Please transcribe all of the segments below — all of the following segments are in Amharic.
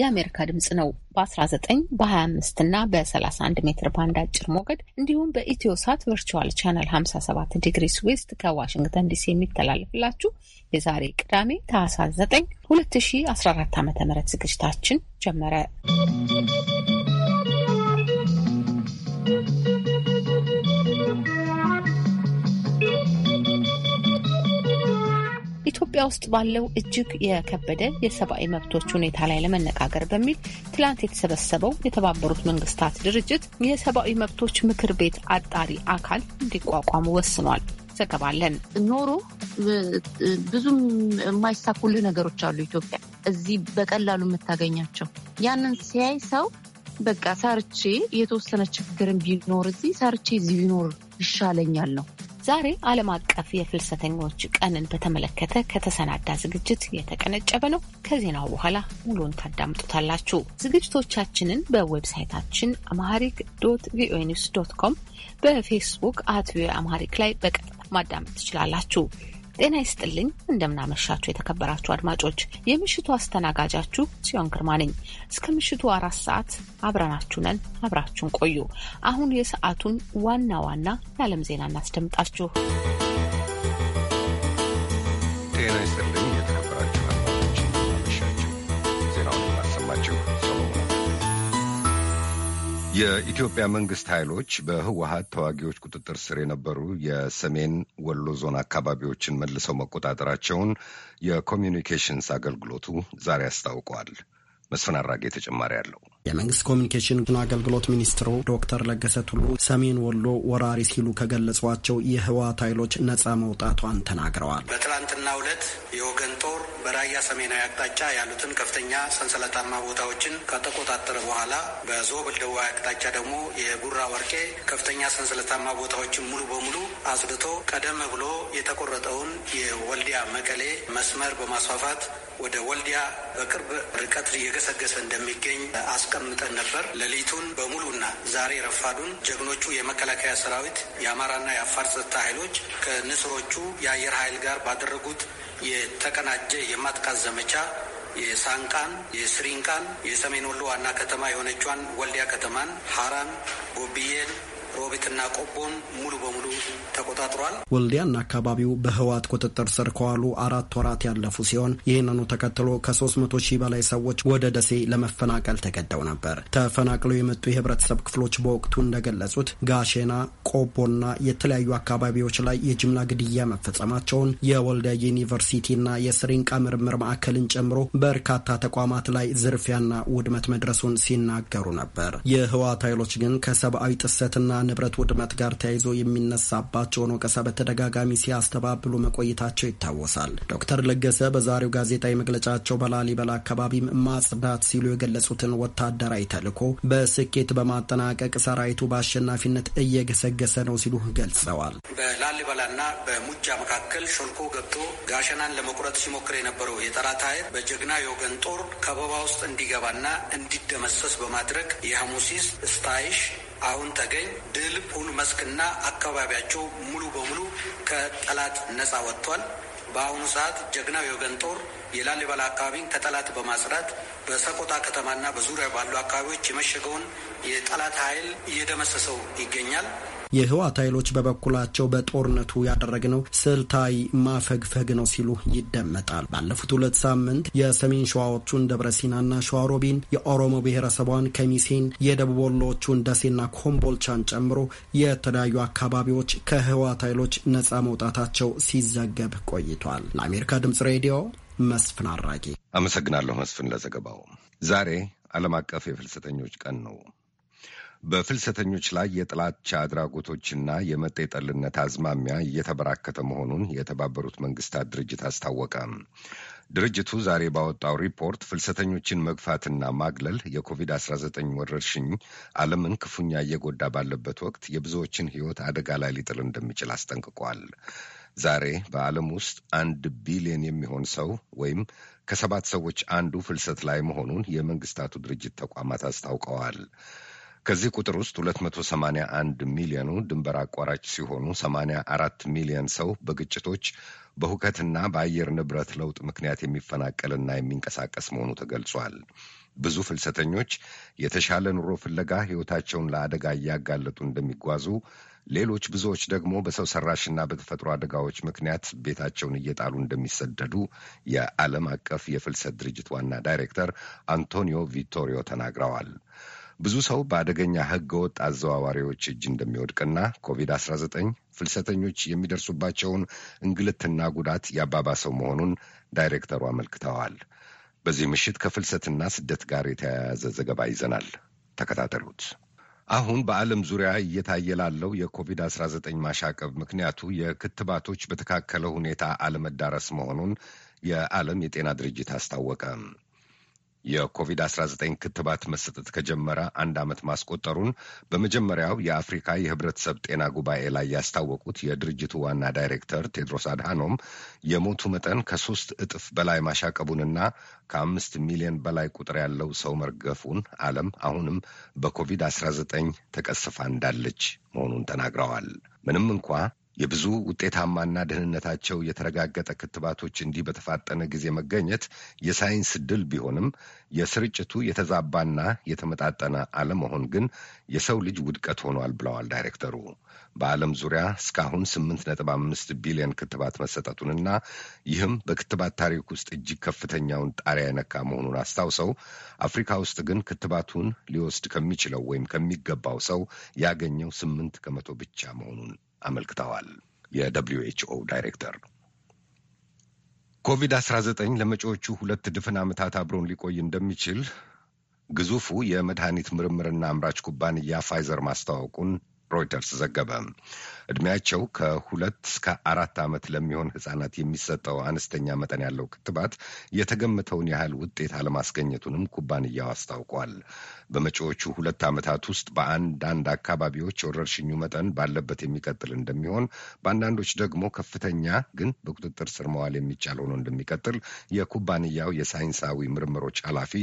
የአሜሪካ ድምጽ ነው። በ19 በ25 እና በ31 ሜትር ባንድ አጭር ሞገድ እንዲሁም በኢትዮ ሳት ቨርቹዋል ቻናል 57 ዲግሪ ዌስት ከዋሽንግተን ዲሲ የሚተላለፍላችሁ የዛሬ ቅዳሜ ታህሳስ 9 2014 ዓ ም ዝግጅታችን ጀመረ። ኢትዮጵያ ውስጥ ባለው እጅግ የከበደ የሰብአዊ መብቶች ሁኔታ ላይ ለመነጋገር በሚል ትላንት የተሰበሰበው የተባበሩት መንግስታት ድርጅት የሰብአዊ መብቶች ምክር ቤት አጣሪ አካል እንዲቋቋሙ ወስኗል። ዘገባለን ኖሮ ብዙም የማይሳኩልህ ነገሮች አሉ። ኢትዮጵያ እዚህ በቀላሉ የምታገኛቸው ያንን ሲያይ ሰው በቃ ሰርቼ የተወሰነ ችግርን ቢኖር እዚህ ሰርቼ እዚህ ቢኖር ይሻለኛል ነው ዛሬ ዓለም አቀፍ የፍልሰተኞች ቀንን በተመለከተ ከተሰናዳ ዝግጅት የተቀነጨበ ነው። ከዜናው በኋላ ሙሉን ታዳምጡታላችሁ። ዝግጅቶቻችንን በዌብሳይታችን አማሪክ ዶት ቪኦኤ ኒውስ ዶት ኮም፣ በፌስቡክ አት ቪኦኤ አማሪክ ላይ በቀጥታ ማዳመጥ ትችላላችሁ። ጤና ይስጥልኝ እንደምናመሻችሁ የተከበራችሁ አድማጮች፣ የምሽቱ አስተናጋጃችሁ ጽዮን ግርማ ነኝ። እስከ ምሽቱ አራት ሰዓት አብረናችሁ ነን። አብራችሁን ቆዩ። አሁን የሰዓቱን ዋና ዋና የዓለም ዜና እናስደምጣችሁ። ጤና ይስጥልኝ የኢትዮጵያ መንግስት ኃይሎች በህወሀት ተዋጊዎች ቁጥጥር ስር የነበሩ የሰሜን ወሎ ዞን አካባቢዎችን መልሰው መቆጣጠራቸውን የኮሚኒኬሽንስ አገልግሎቱ ዛሬ አስታውቋል። መስፍን አራጌ ተጨማሪ አለው። የመንግስት ኮሚኒኬሽን አገልግሎት ሚኒስትሩ ዶክተር ለገሰ ቱሉ ሰሜን ወሎ ወራሪ ሲሉ ከገለጿቸው የህወሓት ኃይሎች ነጻ መውጣቷን ተናግረዋል። በትናንትናው ዕለት የወገን ጦር በራያ ሰሜናዊ አቅጣጫ ያሉትን ከፍተኛ ሰንሰለታማ ቦታዎችን ከተቆጣጠረ በኋላ በዞብል ደቡባዊ አቅጣጫ ደግሞ የጉራ ወርቄ ከፍተኛ ሰንሰለታማ ቦታዎችን ሙሉ በሙሉ አጽድቶ ቀደም ብሎ የተቆረጠውን የወልዲያ መቀሌ መስመር በማስፋፋት ወደ ወልዲያ በቅርብ ርቀት እየገሰገሰ እንደሚገኝ አስቀ አስቀምጠን ነበር። ሌሊቱን በሙሉና ዛሬ ረፋዱን ጀግኖቹ የመከላከያ ሰራዊት የአማራና የአፋር ጸጥታ ኃይሎች ከንስሮቹ የአየር ኃይል ጋር ባደረጉት የተቀናጀ የማጥቃት ዘመቻ የሳንቃን፣ የስሪንቃን፣ የሰሜን ወሎ ዋና ከተማ የሆነቿን ወልዲያ ከተማን፣ ሀራን፣ ጎብዬን ሮቢትና ቆቦን ሙሉ በሙሉ ተቆጣጥሯል። ወልዲያና አካባቢው በህወሓት ቁጥጥር ስር ከዋሉ አራት ወራት ያለፉ ሲሆን ይህንኑ ተከትሎ ከ300 ሺህ በላይ ሰዎች ወደ ደሴ ለመፈናቀል ተገደው ነበር። ተፈናቅለው የመጡ የህብረተሰብ ክፍሎች በወቅቱ እንደገለጹት ጋሼና፣ ቆቦና የተለያዩ አካባቢዎች ላይ የጅምላ ግድያ መፈጸማቸውን የወልዲያ ዩኒቨርሲቲና የስሪንቃ ምርምር ማዕከልን ጨምሮ በርካታ ተቋማት ላይ ዝርፊያና ውድመት መድረሱን ሲናገሩ ነበር። የህወሓት ኃይሎች ግን ከሰብአዊ ጥሰትና ንብረት ውድመት ጋር ተያይዞ የሚነሳባቸውን ወቀሳ በተደጋጋሚ ሲያስተባብሉ መቆየታቸው ይታወሳል። ዶክተር ለገሰ በዛሬው ጋዜጣዊ መግለጫቸው በላሊበላ አካባቢም ማጽዳት ሲሉ የገለጹትን ወታደራዊ ተልዕኮ በስኬት በማጠናቀቅ ሰራዊቱ በአሸናፊነት እየገሰገሰ ነው ሲሉ ገልጸዋል። በላሊበላና በሙጃ መካከል ሾልኮ ገብቶ ጋሸናን ለመቁረጥ ሲሞክር የነበረው የጠላት ኃይል በጀግና የወገን ጦር ከበባ ውስጥ እንዲገባና እንዲደመሰስ በማድረግ የሐሙሲስ ስታይሽ አሁን ተገኝ ድል ሁሉ መስክና አካባቢያቸው ሙሉ በሙሉ ከጠላት ነጻ ወጥቷል። በአሁኑ ሰዓት ጀግናው የወገን ጦር የላሊበላ አካባቢን ከጠላት በማጽዳት በሰቆጣ ከተማና በዙሪያ ባሉ አካባቢዎች የመሸገውን የጠላት ኃይል እየደመሰሰው ይገኛል። የህወሓት ኃይሎች በበኩላቸው በጦርነቱ ያደረግነው ስልታዊ ማፈግፈግ ነው ሲሉ ይደመጣል። ባለፉት ሁለት ሳምንት የሰሜን ሸዋዎቹን ደብረሲናና ሲናና ሸዋሮቢን፣ የኦሮሞ ብሔረሰቧን ከሚሴን፣ የደቡብ ወሎዎቹን ደሴና ኮምቦልቻን ጨምሮ የተለያዩ አካባቢዎች ከህወሓት ኃይሎች ነጻ መውጣታቸው ሲዘገብ ቆይቷል። ለአሜሪካ ድምጽ ሬዲዮ መስፍን አራጌ አመሰግናለሁ። መስፍን ለዘገባው። ዛሬ ዓለም አቀፍ የፍልሰተኞች ቀን ነው። በፍልሰተኞች ላይ የጥላቻ አድራጎቶችና የመጠጠልነት አዝማሚያ እየተበራከተ መሆኑን የተባበሩት መንግስታት ድርጅት አስታወቀ። ድርጅቱ ዛሬ ባወጣው ሪፖርት ፍልሰተኞችን መግፋትና ማግለል የኮቪድ-19 ወረርሽኝ ዓለምን ክፉኛ እየጎዳ ባለበት ወቅት የብዙዎችን ሕይወት አደጋ ላይ ሊጥል እንደሚችል አስጠንቅቋል። ዛሬ በዓለም ውስጥ አንድ ቢሊዮን የሚሆን ሰው ወይም ከሰባት ሰዎች አንዱ ፍልሰት ላይ መሆኑን የመንግስታቱ ድርጅት ተቋማት አስታውቀዋል። ከዚህ ቁጥር ውስጥ 281 ሚሊዮኑ ድንበር አቋራጭ ሲሆኑ 84 ሚሊዮን ሰው በግጭቶች በሁከትና በአየር ንብረት ለውጥ ምክንያት የሚፈናቀልና የሚንቀሳቀስ መሆኑ ተገልጿል። ብዙ ፍልሰተኞች የተሻለ ኑሮ ፍለጋ ሕይወታቸውን ለአደጋ እያጋለጡ እንደሚጓዙ፣ ሌሎች ብዙዎች ደግሞ በሰው ሰራሽና በተፈጥሮ አደጋዎች ምክንያት ቤታቸውን እየጣሉ እንደሚሰደዱ የዓለም አቀፍ የፍልሰት ድርጅት ዋና ዳይሬክተር አንቶኒዮ ቪቶሪዮ ተናግረዋል። ብዙ ሰው በአደገኛ ህገወጥ አዘዋዋሪዎች እጅ እንደሚወድቅና ኮቪድ-19 ፍልሰተኞች የሚደርሱባቸውን እንግልትና ጉዳት ያባባሰው መሆኑን ዳይሬክተሩ አመልክተዋል። በዚህ ምሽት ከፍልሰትና ስደት ጋር የተያያዘ ዘገባ ይዘናል። ተከታተሉት። አሁን በዓለም ዙሪያ እየታየ ላለው የኮቪድ-19 ማሻቀብ ምክንያቱ የክትባቶች በተካከለ ሁኔታ አለመዳረስ መሆኑን የዓለም የጤና ድርጅት አስታወቀ። የኮቪድ-19 ክትባት መሰጠት ከጀመረ አንድ ዓመት ማስቆጠሩን በመጀመሪያው የአፍሪካ የህብረተሰብ ጤና ጉባኤ ላይ ያስታወቁት የድርጅቱ ዋና ዳይሬክተር ቴድሮስ አድሃኖም የሞቱ መጠን ከሶስት እጥፍ በላይ ማሻቀቡንና ከአምስት ሚሊዮን በላይ ቁጥር ያለው ሰው መርገፉን ዓለም አሁንም በኮቪድ-19 ተቀስፋ እንዳለች መሆኑን ተናግረዋል። ምንም እንኳ የብዙ ውጤታማና ደህንነታቸው የተረጋገጠ ክትባቶች እንዲህ በተፋጠነ ጊዜ መገኘት የሳይንስ ድል ቢሆንም የስርጭቱ የተዛባና የተመጣጠነ አለመሆን ግን የሰው ልጅ ውድቀት ሆኗል ብለዋል ዳይሬክተሩ። በዓለም ዙሪያ እስካሁን 8.5 ቢሊዮን ክትባት መሰጠቱንና ይህም በክትባት ታሪክ ውስጥ እጅግ ከፍተኛውን ጣሪያ የነካ መሆኑን አስታውሰው አፍሪካ ውስጥ ግን ክትባቱን ሊወስድ ከሚችለው ወይም ከሚገባው ሰው ያገኘው ስምንት ከመቶ ብቻ መሆኑን አመልክተዋል። የደብሊዩ ኤችኦ ዳይሬክተር ኮቪድ-19 ለመጪዎቹ ሁለት ድፍን ዓመታት አብሮን ሊቆይ እንደሚችል ግዙፉ የመድኃኒት ምርምርና አምራች ኩባንያ ፋይዘር ማስታወቁን ሮይተርስ ዘገበ። ዕድሜያቸው ከሁለት እስከ አራት ዓመት ለሚሆን ህጻናት የሚሰጠው አነስተኛ መጠን ያለው ክትባት የተገመተውን ያህል ውጤት አለማስገኘቱንም ኩባንያው አስታውቋል። በመጪዎቹ ሁለት ዓመታት ውስጥ በአንዳንድ አካባቢዎች የወረርሽኙ መጠን ባለበት የሚቀጥል እንደሚሆን፣ በአንዳንዶች ደግሞ ከፍተኛ ግን በቁጥጥር ስር መዋል የሚቻል ሆኖ እንደሚቀጥል የኩባንያው የሳይንሳዊ ምርምሮች ኃላፊ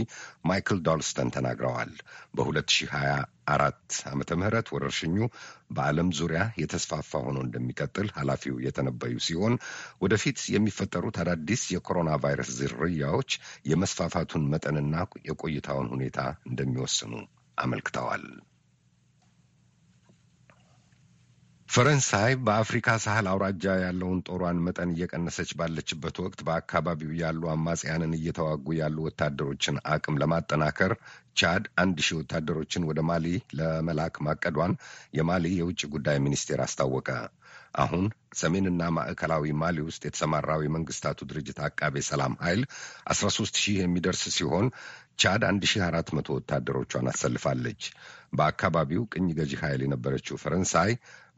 ማይክል ዶልስተን ተናግረዋል። በ2020 አራት ዓመተ ምህረት ወረርሽኙ በዓለም ዙሪያ የተስፋፋ ሆኖ እንደሚቀጥል ኃላፊው የተነበዩ ሲሆን ወደፊት የሚፈጠሩት አዳዲስ የኮሮና ቫይረስ ዝርያዎች የመስፋፋቱን መጠንና የቆይታውን ሁኔታ እንደሚወስኑ አመልክተዋል። ፈረንሳይ በአፍሪካ ሳህል አውራጃ ያለውን ጦሯን መጠን እየቀነሰች ባለችበት ወቅት በአካባቢው ያሉ አማጽያንን እየተዋጉ ያሉ ወታደሮችን አቅም ለማጠናከር ቻድ አንድ ሺህ ወታደሮችን ወደ ማሊ ለመላክ ማቀዷን የማሊ የውጭ ጉዳይ ሚኒስቴር አስታወቀ። አሁን ሰሜንና ማዕከላዊ ማሊ ውስጥ የተሰማራው የመንግስታቱ ድርጅት አቃቤ ሰላም ኃይል 13 ሺህ የሚደርስ ሲሆን ቻድ 1400 ወታደሮቿን አሰልፋለች። በአካባቢው ቅኝ ገዢ ኃይል የነበረችው ፈረንሳይ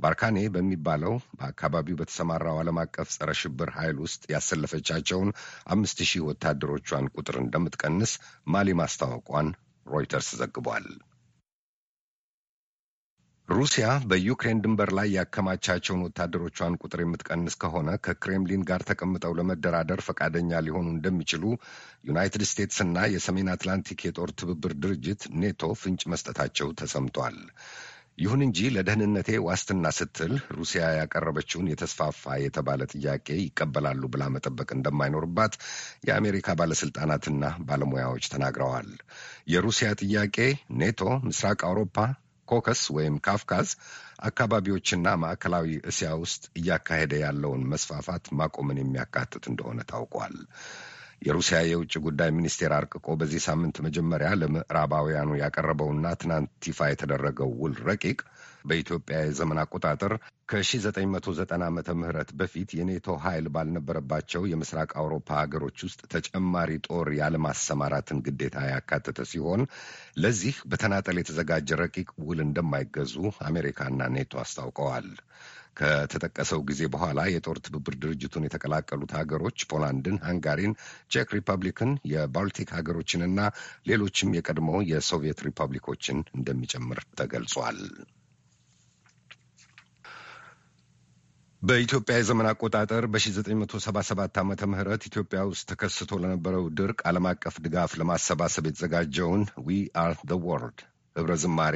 ባርካኔ በሚባለው በአካባቢው በተሰማራው ዓለም አቀፍ ጸረ ሽብር ኃይል ውስጥ ያሰለፈቻቸውን አምስት ሺህ ወታደሮቿን ቁጥር እንደምትቀንስ ማሊ ማስታወቋን ሮይተርስ ዘግቧል። ሩሲያ በዩክሬን ድንበር ላይ ያከማቻቸውን ወታደሮቿን ቁጥር የምትቀንስ ከሆነ ከክሬምሊን ጋር ተቀምጠው ለመደራደር ፈቃደኛ ሊሆኑ እንደሚችሉ ዩናይትድ እና የሰሜን አትላንቲክ የጦር ትብብር ድርጅት ኔቶ ፍንጭ መስጠታቸው ተሰምቷል። ይሁን እንጂ ለደህንነቴ ዋስትና ስትል ሩሲያ ያቀረበችውን የተስፋፋ የተባለ ጥያቄ ይቀበላሉ ብላ መጠበቅ እንደማይኖርባት የአሜሪካ ባለስልጣናትና ባለሙያዎች ተናግረዋል። የሩሲያ ጥያቄ ኔቶ ምስራቅ አውሮፓ ኮከስ ወይም ካፍካዝ አካባቢዎችና ማዕከላዊ እስያ ውስጥ እያካሄደ ያለውን መስፋፋት ማቆምን የሚያካትት እንደሆነ ታውቋል። የሩሲያ የውጭ ጉዳይ ሚኒስቴር አርቅቆ በዚህ ሳምንት መጀመሪያ ለምዕራባውያኑ ያቀረበውና ትናንት ይፋ የተደረገው ውል ረቂቅ በኢትዮጵያ የዘመን አቆጣጠር ከ1990 ዓመተ ምህረት በፊት የኔቶ ኃይል ባልነበረባቸው የምስራቅ አውሮፓ ሀገሮች ውስጥ ተጨማሪ ጦር ያለማሰማራትን ግዴታ ያካተተ ሲሆን ለዚህ በተናጠል የተዘጋጀ ረቂቅ ውል እንደማይገዙ አሜሪካና ኔቶ አስታውቀዋል። ከተጠቀሰው ጊዜ በኋላ የጦር ትብብር ድርጅቱን የተቀላቀሉት ሀገሮች ፖላንድን፣ ሃንጋሪን፣ ቼክ ሪፐብሊክን፣ የባልቲክ ሀገሮችንና ሌሎችም የቀድሞ የሶቪየት ሪፐብሊኮችን እንደሚጨምር ተገልጿል። በኢትዮጵያ የዘመን አቆጣጠር በ1977 ዓመተ ምህረት ኢትዮጵያ ውስጥ ተከስቶ ለነበረው ድርቅ ዓለም አቀፍ ድጋፍ ለማሰባሰብ የተዘጋጀውን ዊ አር ዘ ወርልድ ኅብረ ዝማሬ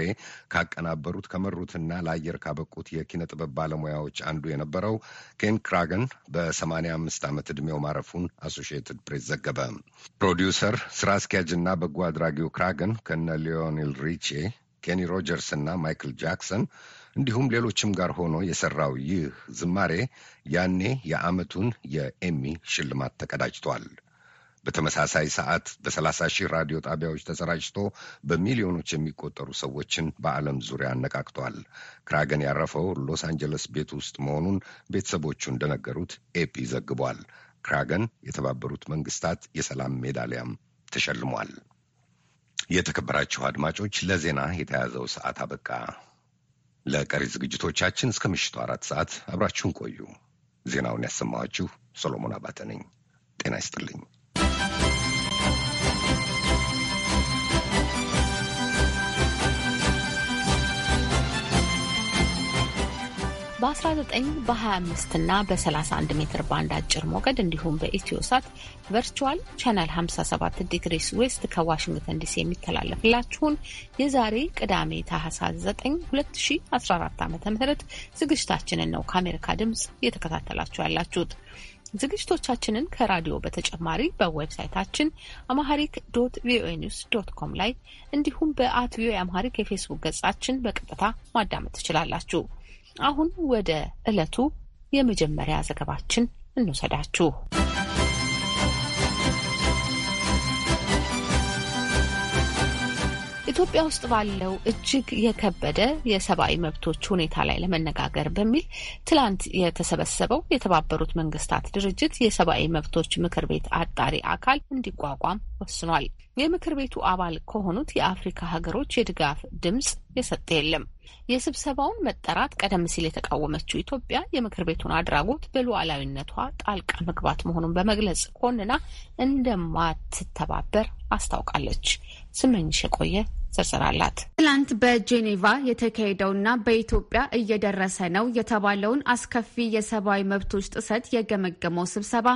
ካቀናበሩት ከመሩትና ለአየር ካበቁት የኪነ ጥበብ ባለሙያዎች አንዱ የነበረው ኬን ክራገን በ85 ዓመት ዕድሜው ማረፉን አሶሺየትድ ፕሬስ ዘገበ። ፕሮዲውሰር፣ ስራ አስኪያጅና በጎ አድራጊው ክራገን ከነ ሊዮኔል ሪቼ፣ ኬኒ ሮጀርስ እና ማይክል ጃክሰን እንዲሁም ሌሎችም ጋር ሆኖ የሰራው ይህ ዝማሬ ያኔ የዓመቱን የኤሚ ሽልማት ተቀዳጅቷል። በተመሳሳይ ሰዓት በሰላሳ ሺህ ራዲዮ ጣቢያዎች ተሰራጭቶ በሚሊዮኖች የሚቆጠሩ ሰዎችን በዓለም ዙሪያ አነቃቅቷል። ክራገን ያረፈው ሎስ አንጀለስ ቤት ውስጥ መሆኑን ቤተሰቦቹ እንደነገሩት ኤፒ ዘግቧል። ክራገን የተባበሩት መንግስታት የሰላም ሜዳሊያም ተሸልሟል። የተከበራችሁ አድማጮች ለዜና የተያዘው ሰዓት አበቃ። ለቀሪ ዝግጅቶቻችን እስከ ምሽቱ አራት ሰዓት አብራችሁን ቆዩ። ዜናውን ያሰማኋችሁ ሰሎሞን አባተ ነኝ። ጤና ይስጥልኝ። በ19 በ25 እና በ31 ሜትር ባንድ አጭር ሞገድ እንዲሁም በኢትዮ ሳት ቨርቹዋል ቻናል 57 ዲግሪስ ዌስት ከዋሽንግተን ዲሲ የሚተላለፍላችሁን የዛሬ ቅዳሜ ታህሳስ 9 2014 ዓ ም ዝግጅታችንን ነው ከአሜሪካ ድምፅ እየተከታተላችሁ ያላችሁት። ዝግጅቶቻችንን ከራዲዮ በተጨማሪ በዌብሳይታችን አማሐሪክ ዶት ቪኦኤ ኒውስ ዶት ኮም ላይ እንዲሁም በአት ቪኦኤ አማሃሪክ የፌስቡክ ገጻችን በቀጥታ ማዳመጥ ትችላላችሁ። አሁን ወደ ዕለቱ የመጀመሪያ ዘገባችን እንውሰዳችሁ። ኢትዮጵያ ውስጥ ባለው እጅግ የከበደ የሰብአዊ መብቶች ሁኔታ ላይ ለመነጋገር በሚል ትላንት የተሰበሰበው የተባበሩት መንግስታት ድርጅት የሰብአዊ መብቶች ምክር ቤት አጣሪ አካል እንዲቋቋም ወስኗል። የምክር ቤቱ አባል ከሆኑት የአፍሪካ ሀገሮች የድጋፍ ድምጽ የሰጠ የለም። የስብሰባውን መጠራት ቀደም ሲል የተቃወመችው ኢትዮጵያ የምክር ቤቱን አድራጎት በሉዓላዊነቷ ጣልቃ መግባት መሆኑን በመግለጽ ኮንና እንደማትተባበር አስታውቃለች። ስመኝሽ የቆየ ዝርዝር አላት። ትላንት በጄኔቫ የተካሄደውና በኢትዮጵያ እየደረሰ ነው የተባለውን አስከፊ የሰብአዊ መብቶች ጥሰት የገመገመው ስብሰባ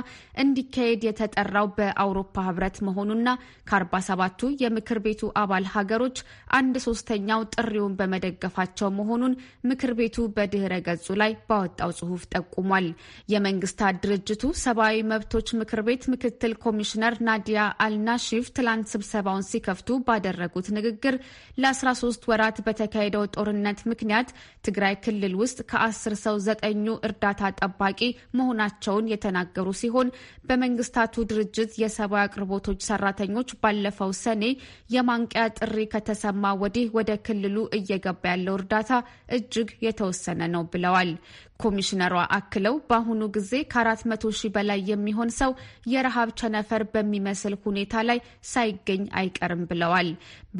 እንዲካሄድ የተጠራው በአውሮፓ ህብረት መሆኑና ከአርባ ሰባቱ የምክር ቤቱ አባል ሀገሮች አንድ ሶስተኛው ጥሪውን በመደገፋቸው መሆኑን ምክር ቤቱ በድህረ ገጹ ላይ ባወጣው ጽሑፍ ጠቁሟል። የመንግስታት ድርጅቱ ሰብአዊ መብቶች ምክር ቤት ምክትል ኮሚሽነር ናዲያ አልናሺፍ ትላንት ስብሰባውን ሲከፍቱ ባደረጉት ንግግር ለ13 ወራት በተካሄደው ጦርነት ምክንያት ትግራይ ክልል ውስጥ ከ10 ሰው ዘጠኙ እርዳታ ጠባቂ መሆናቸውን የተናገሩ ሲሆን በመንግስታቱ ድርጅት የሰብአዊ አቅርቦቶች ሰራተኞች ባለፈው ሰኔ የማንቂያ ጥሪ ከተሰማ ወዲህ ወደ ክልሉ እየገባ ያለው እርዳታ እጅግ የተወሰነ ነው ብለዋል። ኮሚሽነሯ አክለው በአሁኑ ጊዜ ከአራት መቶ ሺህ በላይ የሚሆን ሰው የረሃብ ቸነፈር በሚመስል ሁኔታ ላይ ሳይገኝ አይቀርም ብለዋል።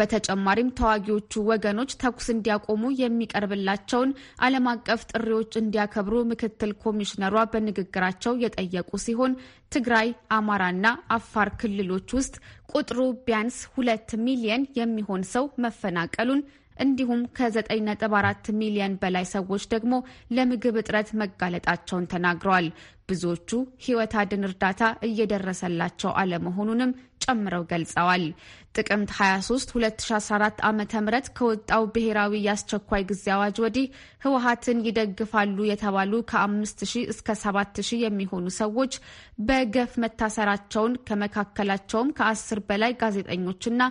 በተጨማሪም ተዋጊዎቹ ወገኖች ተኩስ እንዲያቆሙ የሚቀርብላቸውን ዓለም አቀፍ ጥሪዎች እንዲያከብሩ ምክትል ኮሚሽነሯ በንግግራቸው የጠየቁ ሲሆን ትግራይ፣ አማራና አፋር ክልሎች ውስጥ ቁጥሩ ቢያንስ ሁለት ሚሊየን የሚሆን ሰው መፈናቀሉን እንዲሁም ከ9.4 ሚሊዮን በላይ ሰዎች ደግሞ ለምግብ እጥረት መጋለጣቸውን ተናግረዋል። ብዙዎቹ ሕይወት አድን እርዳታ እየደረሰላቸው አለመሆኑንም ጨምረው ገልጸዋል። ጥቅምት 23 2014 ዓ ም ከወጣው ብሔራዊ የአስቸኳይ ጊዜ አዋጅ ወዲህ ህወሀትን ይደግፋሉ የተባሉ ከ5000 እስከ 7000 የሚሆኑ ሰዎች በገፍ መታሰራቸውን ከመካከላቸውም ከ10 በላይ ጋዜጠኞችና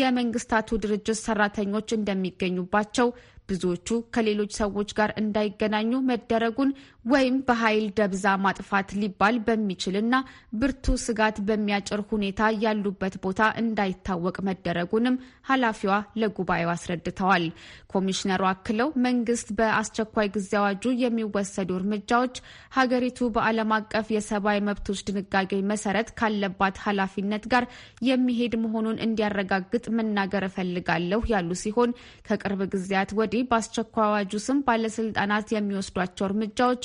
የመንግስታቱ ድርጅት ሰራተኞች እንደሚገኙባቸው ብዙዎቹ ከሌሎች ሰዎች ጋር እንዳይገናኙ መደረጉን ወይም በኃይል ደብዛ ማጥፋት ሊባል በሚችልና ብርቱ ስጋት በሚያጭር ሁኔታ ያሉበት ቦታ እንዳይታወቅ መደረጉንም ኃላፊዋ ለጉባኤው አስረድተዋል። ኮሚሽነሩ አክለው መንግስት በአስቸኳይ ጊዜ አዋጁ የሚወሰዱ እርምጃዎች ሀገሪቱ በዓለም አቀፍ የሰብአዊ መብቶች ድንጋጌ መሰረት ካለባት ኃላፊነት ጋር የሚሄድ መሆኑን እንዲያረጋግጥ መናገር እፈልጋለሁ ያሉ ሲሆን ከቅርብ ጊዜያት ወዲህ በአስቸኳይ አዋጁ ስም ባለስልጣናት የሚወስዷቸው እርምጃዎች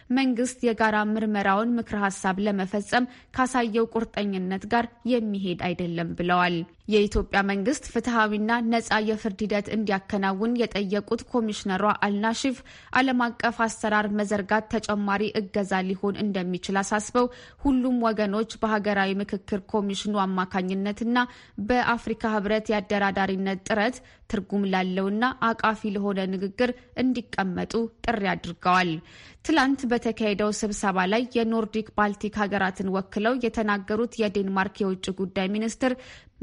መንግስት የጋራ ምርመራውን ምክረ ሀሳብ ለመፈጸም ካሳየው ቁርጠኝነት ጋር የሚሄድ አይደለም ብለዋል። የኢትዮጵያ መንግስት ፍትሐዊና ነጻ የፍርድ ሂደት እንዲያከናውን የጠየቁት ኮሚሽነሯ አልናሺፍ ዓለም አቀፍ አሰራር መዘርጋት ተጨማሪ እገዛ ሊሆን እንደሚችል አሳስበው ሁሉም ወገኖች በሀገራዊ ምክክር ኮሚሽኑ አማካኝነትና በአፍሪካ ህብረት የአደራዳሪነት ጥረት ትርጉም ላለውና አቃፊ ለሆነ ንግግር እንዲቀመጡ ጥሪ አድርገዋል። ትላንት በ በተካሄደው ስብሰባ ላይ የኖርዲክ ባልቲክ ሀገራትን ወክለው የተናገሩት የዴንማርክ የውጭ ጉዳይ ሚኒስትር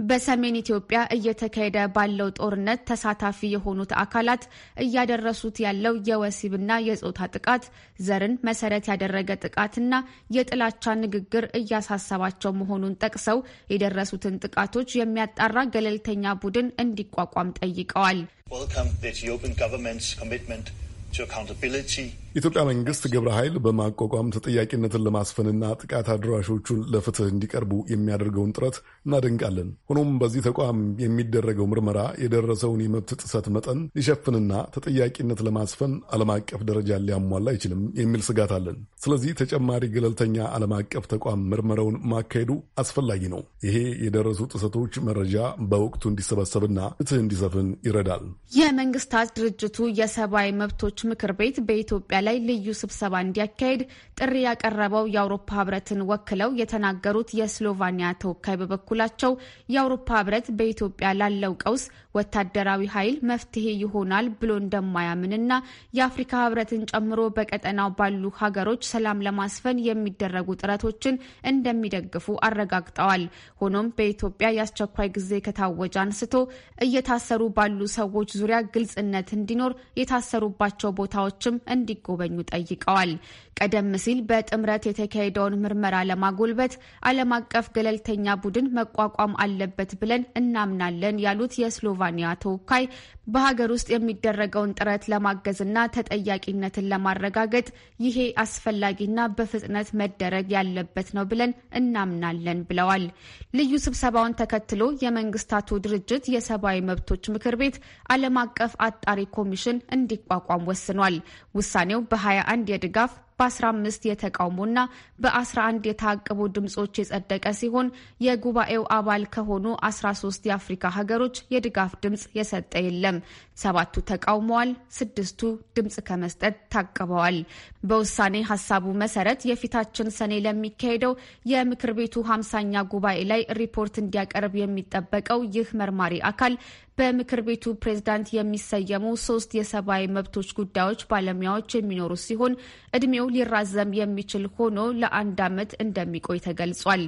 በሰሜን ኢትዮጵያ እየተካሄደ ባለው ጦርነት ተሳታፊ የሆኑት አካላት እያደረሱት ያለው የወሲብና የጾታ ጥቃት፣ ዘርን መሰረት ያደረገ ጥቃትና የጥላቻ ንግግር እያሳሰባቸው መሆኑን ጠቅሰው የደረሱትን ጥቃቶች የሚያጣራ ገለልተኛ ቡድን እንዲቋቋም ጠይቀዋል። የኢትዮጵያ መንግስት ግብረ ኃይል በማቋቋም ተጠያቂነትን ለማስፈንና ጥቃት አድራሾቹን ለፍትህ እንዲቀርቡ የሚያደርገውን ጥረት እናደንቃለን። ሆኖም በዚህ ተቋም የሚደረገው ምርመራ የደረሰውን የመብት ጥሰት መጠን ሊሸፍንና ተጠያቂነት ለማስፈን ዓለም አቀፍ ደረጃ ሊያሟላ አይችልም የሚል ስጋት አለን። ስለዚህ ተጨማሪ ገለልተኛ ዓለም አቀፍ ተቋም ምርመራውን ማካሄዱ አስፈላጊ ነው። ይሄ የደረሱ ጥሰቶች መረጃ በወቅቱ እንዲሰበሰብና ፍትህ እንዲሰፍን ይረዳል። የመንግስታት ድርጅቱ የሰብአዊ መብቶች ምክር ቤት በኢትዮጵያ ላይ ልዩ ስብሰባ እንዲያካሄድ ጥሪ ያቀረበው የአውሮፓ ህብረትን ወክለው የተናገሩት የስሎቫኒያ ተወካይ በበኩላቸው የአውሮፓ ህብረት በኢትዮጵያ ላለው ቀውስ ወታደራዊ ኃይል መፍትሄ ይሆናል ብሎ እንደማያምንና የአፍሪካ ህብረትን ጨምሮ በቀጠናው ባሉ ሀገሮች ሰላም ለማስፈን የሚደረጉ ጥረቶችን እንደሚደግፉ አረጋግጠዋል። ሆኖም በኢትዮጵያ የአስቸኳይ ጊዜ ከታወጀ አንስቶ እየታሰሩ ባሉ ሰዎች ዙሪያ ግልጽነት እንዲኖር የታሰሩባቸው ቦታዎችም እንዲ እንዲጎበኙ ጠይቀዋል። ቀደም ሲል በጥምረት የተካሄደውን ምርመራ ለማጎልበት ዓለም አቀፍ ገለልተኛ ቡድን መቋቋም አለበት ብለን እናምናለን ያሉት የስሎቫኒያ ተወካይ በሀገር ውስጥ የሚደረገውን ጥረት ለማገዝና ተጠያቂነትን ለማረጋገጥ ይሄ አስፈላጊና በፍጥነት መደረግ ያለበት ነው ብለን እናምናለን ብለዋል። ልዩ ስብሰባውን ተከትሎ የመንግስታቱ ድርጅት የሰብአዊ መብቶች ምክር ቤት ዓለም አቀፍ አጣሪ ኮሚሽን እንዲቋቋም ወስኗል። ውሳኔው በ21 የድጋፍ በ15 የተቃውሞና በ11 የታቀቡ ድምጾች የጸደቀ ሲሆን የጉባኤው አባል ከሆኑ 13 የአፍሪካ ሀገሮች የድጋፍ ድምጽ የሰጠ የለም። ሰባቱ ተቃውመዋል፣ ስድስቱ ድምጽ ከመስጠት ታቅበዋል። በውሳኔ ሀሳቡ መሰረት የፊታችን ሰኔ ለሚካሄደው የምክር ቤቱ ሀምሳኛ ጉባኤ ላይ ሪፖርት እንዲያቀርብ የሚጠበቀው ይህ መርማሪ አካል በምክር ቤቱ ፕሬዝዳንት የሚሰየሙ ሶስት የሰብአዊ መብቶች ጉዳዮች ባለሙያዎች የሚኖሩ ሲሆን እድሜው ሊራዘም የሚችል ሆኖ ለአንድ ዓመት እንደሚቆይ ተገልጿል።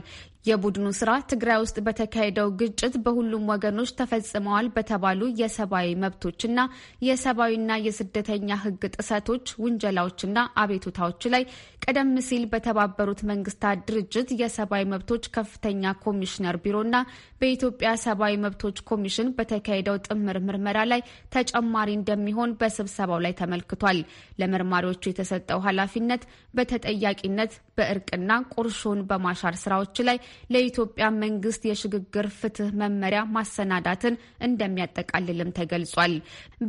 የቡድኑ ስራ ትግራይ ውስጥ በተካሄደው ግጭት በሁሉም ወገኖች ተፈጽመዋል በተባሉ የሰብአዊ መብቶችና የሰብአዊና የስደተኛ ሕግ ጥሰቶች ውንጀላዎችና አቤቱታዎች ላይ ቀደም ሲል በተባበሩት መንግስታት ድርጅት የሰብአዊ መብቶች ከፍተኛ ኮሚሽነር ቢሮና በኢትዮጵያ ሰብአዊ መብቶች ኮሚሽን በተካሄደው ጥምር ምርመራ ላይ ተጨማሪ እንደሚሆን በስብሰባው ላይ ተመልክቷል። ለመርማሪዎቹ የተሰጠው ኃላፊነት በተጠያቂነት በእርቅና ቁርሾን በማሻር ስራዎች ላይ ለኢትዮጵያ መንግስት የሽግግር ፍትህ መመሪያ ማሰናዳትን እንደሚያጠቃልልም ተገልጿል።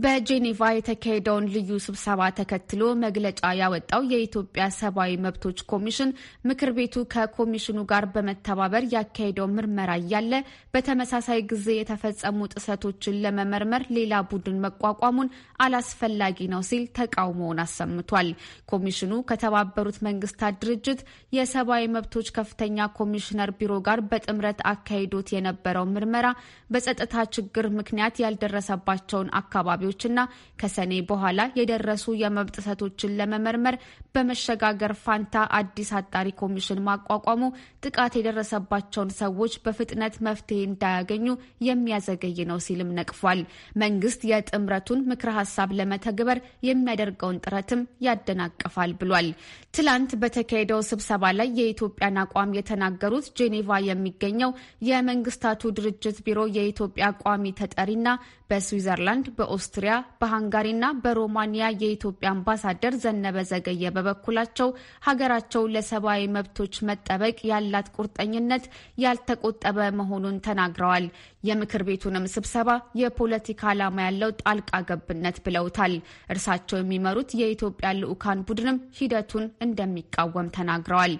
በጄኔቫ የተካሄደውን ልዩ ስብሰባ ተከትሎ መግለጫ ያወጣው የኢትዮጵያ ሰብአዊ መብቶች ኮሚሽን ምክር ቤቱ ከኮሚሽኑ ጋር በመተባበር ያካሄደው ምርመራ እያለ በተመሳሳይ ጊዜ የተፈጸሙ ጥሰቶችን ለመመርመር ሌላ ቡድን መቋቋሙን አላስፈላጊ ነው ሲል ተቃውሞውን አሰምቷል። ኮሚሽኑ ከተባበሩት መንግስታት ድርጅት የሰብአዊ መብቶች ከፍተኛ ኮሚሽነር ቢሮ ጋር በጥምረት አካሂዶት የነበረው ምርመራ በጸጥታ ችግር ምክንያት ያልደረሰባቸውን አካባቢዎችና ከሰኔ በኋላ የደረሱ የመብት ጥሰቶችን ለመመርመር በመሸጋገር ፋንታ አዲስ አጣሪ ኮሚሽን ማቋቋሙ ጥቃት የደረሰባቸውን ሰዎች በፍጥነት መፍትሄ እንዳያገኙ የሚያዘገይ ነው ሲልም ነቅፏል። መንግስት የጥምረቱን ምክረ ሀሳብ ለመተግበር የሚያደርገውን ጥረትም ያደናቅፋል ብሏል። ትላንት በተካሄደው ስብሰባ ላይ የኢትዮጵያን አቋም የተናገሩት ጄኔቫ የሚገኘው የመንግስታቱ ድርጅት ቢሮ የኢትዮጵያ ቋሚ ተጠሪና በስዊዘርላንድ፣ በኦስትሪያ፣ በሃንጋሪና በሮማኒያ የኢትዮጵያ አምባሳደር ዘነበ ዘገየ በበኩላቸው ሀገራቸው ለሰብአዊ መብቶች መጠበቅ ያላት ቁርጠኝነት ያልተቆጠበ መሆኑን ተናግረዋል። የምክር ቤቱንም ስብሰባ የፖለቲካ ዓላማ ያለው ጣልቃ ገብነት ብለውታል። እርሳቸው የሚመሩት የኢትዮጵያ ልዑካን ቡድንም ሂደቱን እንደሚቃወም ተናግረዋል።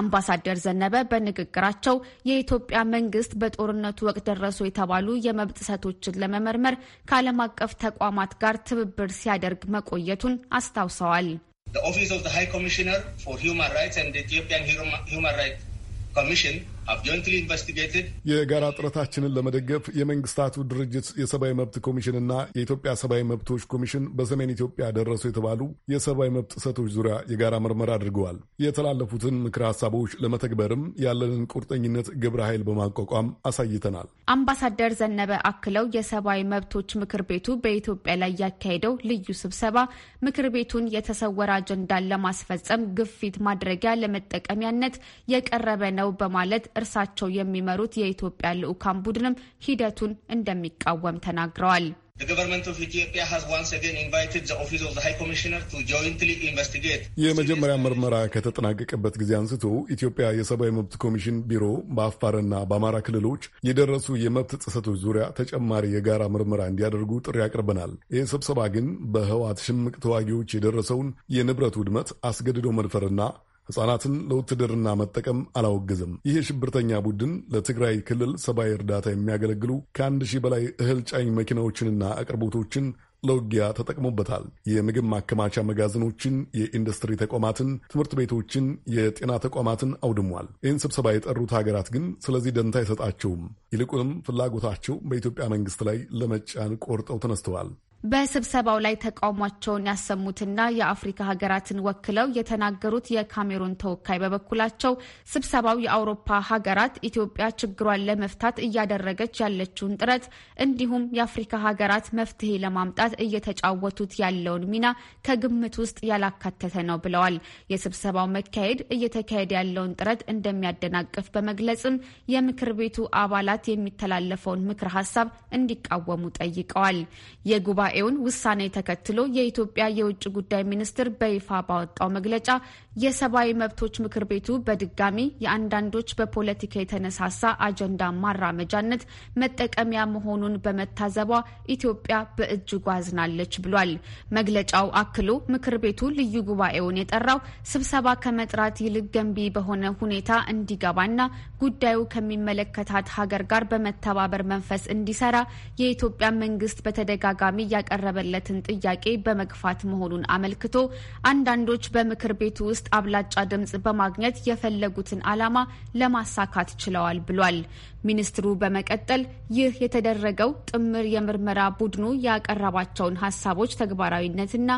አምባሳደር ዘነበ በንግግራቸው የኢትዮጵያ መንግስት በጦርነቱ ወቅት ደረሱ የተባሉ የመብት ጥሰቶችን ለመመርመር ከዓለም አቀፍ ተቋማት ጋር ትብብር ሲያደርግ መቆየቱን አስታውሰዋል። The Office of the High Commissioner for Human Rights and the Ethiopian Human Rights Commission የጋራ ጥረታችንን ለመደገፍ የመንግስታቱ ድርጅት የሰብአዊ መብት ኮሚሽንና የኢትዮጵያ ሰብአዊ መብቶች ኮሚሽን በሰሜን ኢትዮጵያ ደረሱ የተባሉ የሰብአዊ መብት ጥሰቶች ዙሪያ የጋራ ምርመራ አድርገዋል። የተላለፉትን ምክር ሀሳቦች ለመተግበርም ያለንን ቁርጠኝነት ግብረ ኃይል በማቋቋም አሳይተናል። አምባሳደር ዘነበ አክለው የሰብአዊ መብቶች ምክር ቤቱ በኢትዮጵያ ላይ ያካሄደው ልዩ ስብሰባ ምክር ቤቱን የተሰወረ አጀንዳን ለማስፈጸም ግፊት ማድረጊያ ለመጠቀሚያነት የቀረበ ነው በማለት እርሳቸው የሚመሩት የኢትዮጵያ ልዑካን ቡድንም ሂደቱን እንደሚቃወም ተናግረዋል። የመጀመሪያ ምርመራ ከተጠናቀቀበት ጊዜ አንስቶ ኢትዮጵያ የሰብአዊ መብት ኮሚሽን ቢሮ በአፋርና በአማራ ክልሎች የደረሱ የመብት ጥሰቶች ዙሪያ ተጨማሪ የጋራ ምርመራ እንዲያደርጉ ጥሪ አቅርበናል። ይህ ስብሰባ ግን በህዋት ሽምቅ ተዋጊዎች የደረሰውን የንብረት ውድመት አስገድዶ መድፈርና ሕጻናትን ለውትድርና መጠቀም አላወግዝም። ይህ የሽብርተኛ ቡድን ለትግራይ ክልል ሰብአዊ እርዳታ የሚያገለግሉ ከአንድ ሺህ በላይ እህል ጫኝ መኪናዎችንና አቅርቦቶችን ለውጊያ ተጠቅሞበታል። የምግብ ማከማቻ መጋዘኖችን፣ የኢንዱስትሪ ተቋማትን፣ ትምህርት ቤቶችን፣ የጤና ተቋማትን አውድሟል። ይህን ስብሰባ የጠሩት ሀገራት ግን ስለዚህ ደንታ አይሰጣቸውም። ይልቁንም ፍላጎታቸው በኢትዮጵያ መንግስት ላይ ለመጫን ቆርጠው ተነስተዋል። በስብሰባው ላይ ተቃውሟቸውን ያሰሙትና የአፍሪካ ሀገራትን ወክለው የተናገሩት የካሜሩን ተወካይ በበኩላቸው ስብሰባው የአውሮፓ ሀገራት ኢትዮጵያ ችግሯን ለመፍታት እያደረገች ያለችውን ጥረት እንዲሁም የአፍሪካ ሀገራት መፍትሄ ለማምጣት እየተጫወቱት ያለውን ሚና ከግምት ውስጥ ያላካተተ ነው ብለዋል። የስብሰባው መካሄድ እየተካሄደ ያለውን ጥረት እንደሚያደናቅፍ በመግለጽም የምክር ቤቱ አባላት የሚተላለፈውን ምክር ሀሳብ እንዲቃወሙ ጠይቀዋል። የጉባ ጉባኤውን ውሳኔ ተከትሎ የኢትዮጵያ የውጭ ጉዳይ ሚኒስትር በይፋ ባወጣው መግለጫ የሰብአዊ መብቶች ምክር ቤቱ በድጋሚ የአንዳንዶች በፖለቲካ የተነሳሳ አጀንዳ ማራመጃነት መጠቀሚያ መሆኑን በመታዘቧ ኢትዮጵያ በእጅጉ አዝናለች ብሏል። መግለጫው አክሎ ምክር ቤቱ ልዩ ጉባኤውን የጠራው ስብሰባ ከመጥራት ይልቅ ገንቢ በሆነ ሁኔታ እንዲገባና ጉዳዩ ከሚመለከታት ሀገር ጋር በመተባበር መንፈስ እንዲሰራ የኢትዮጵያ መንግስት በተደጋጋሚ ያቀረበለትን ጥያቄ በመግፋት መሆኑን አመልክቶ አንዳንዶች በምክር ቤቱ ውስጥ አብላጫ ድምፅ በማግኘት የፈለጉትን ዓላማ ለማሳካት ችለዋል ብሏል። ሚኒስትሩ በመቀጠል ይህ የተደረገው ጥምር የምርመራ ቡድኑ ያቀረባቸውን ሀሳቦች ተግባራዊነትና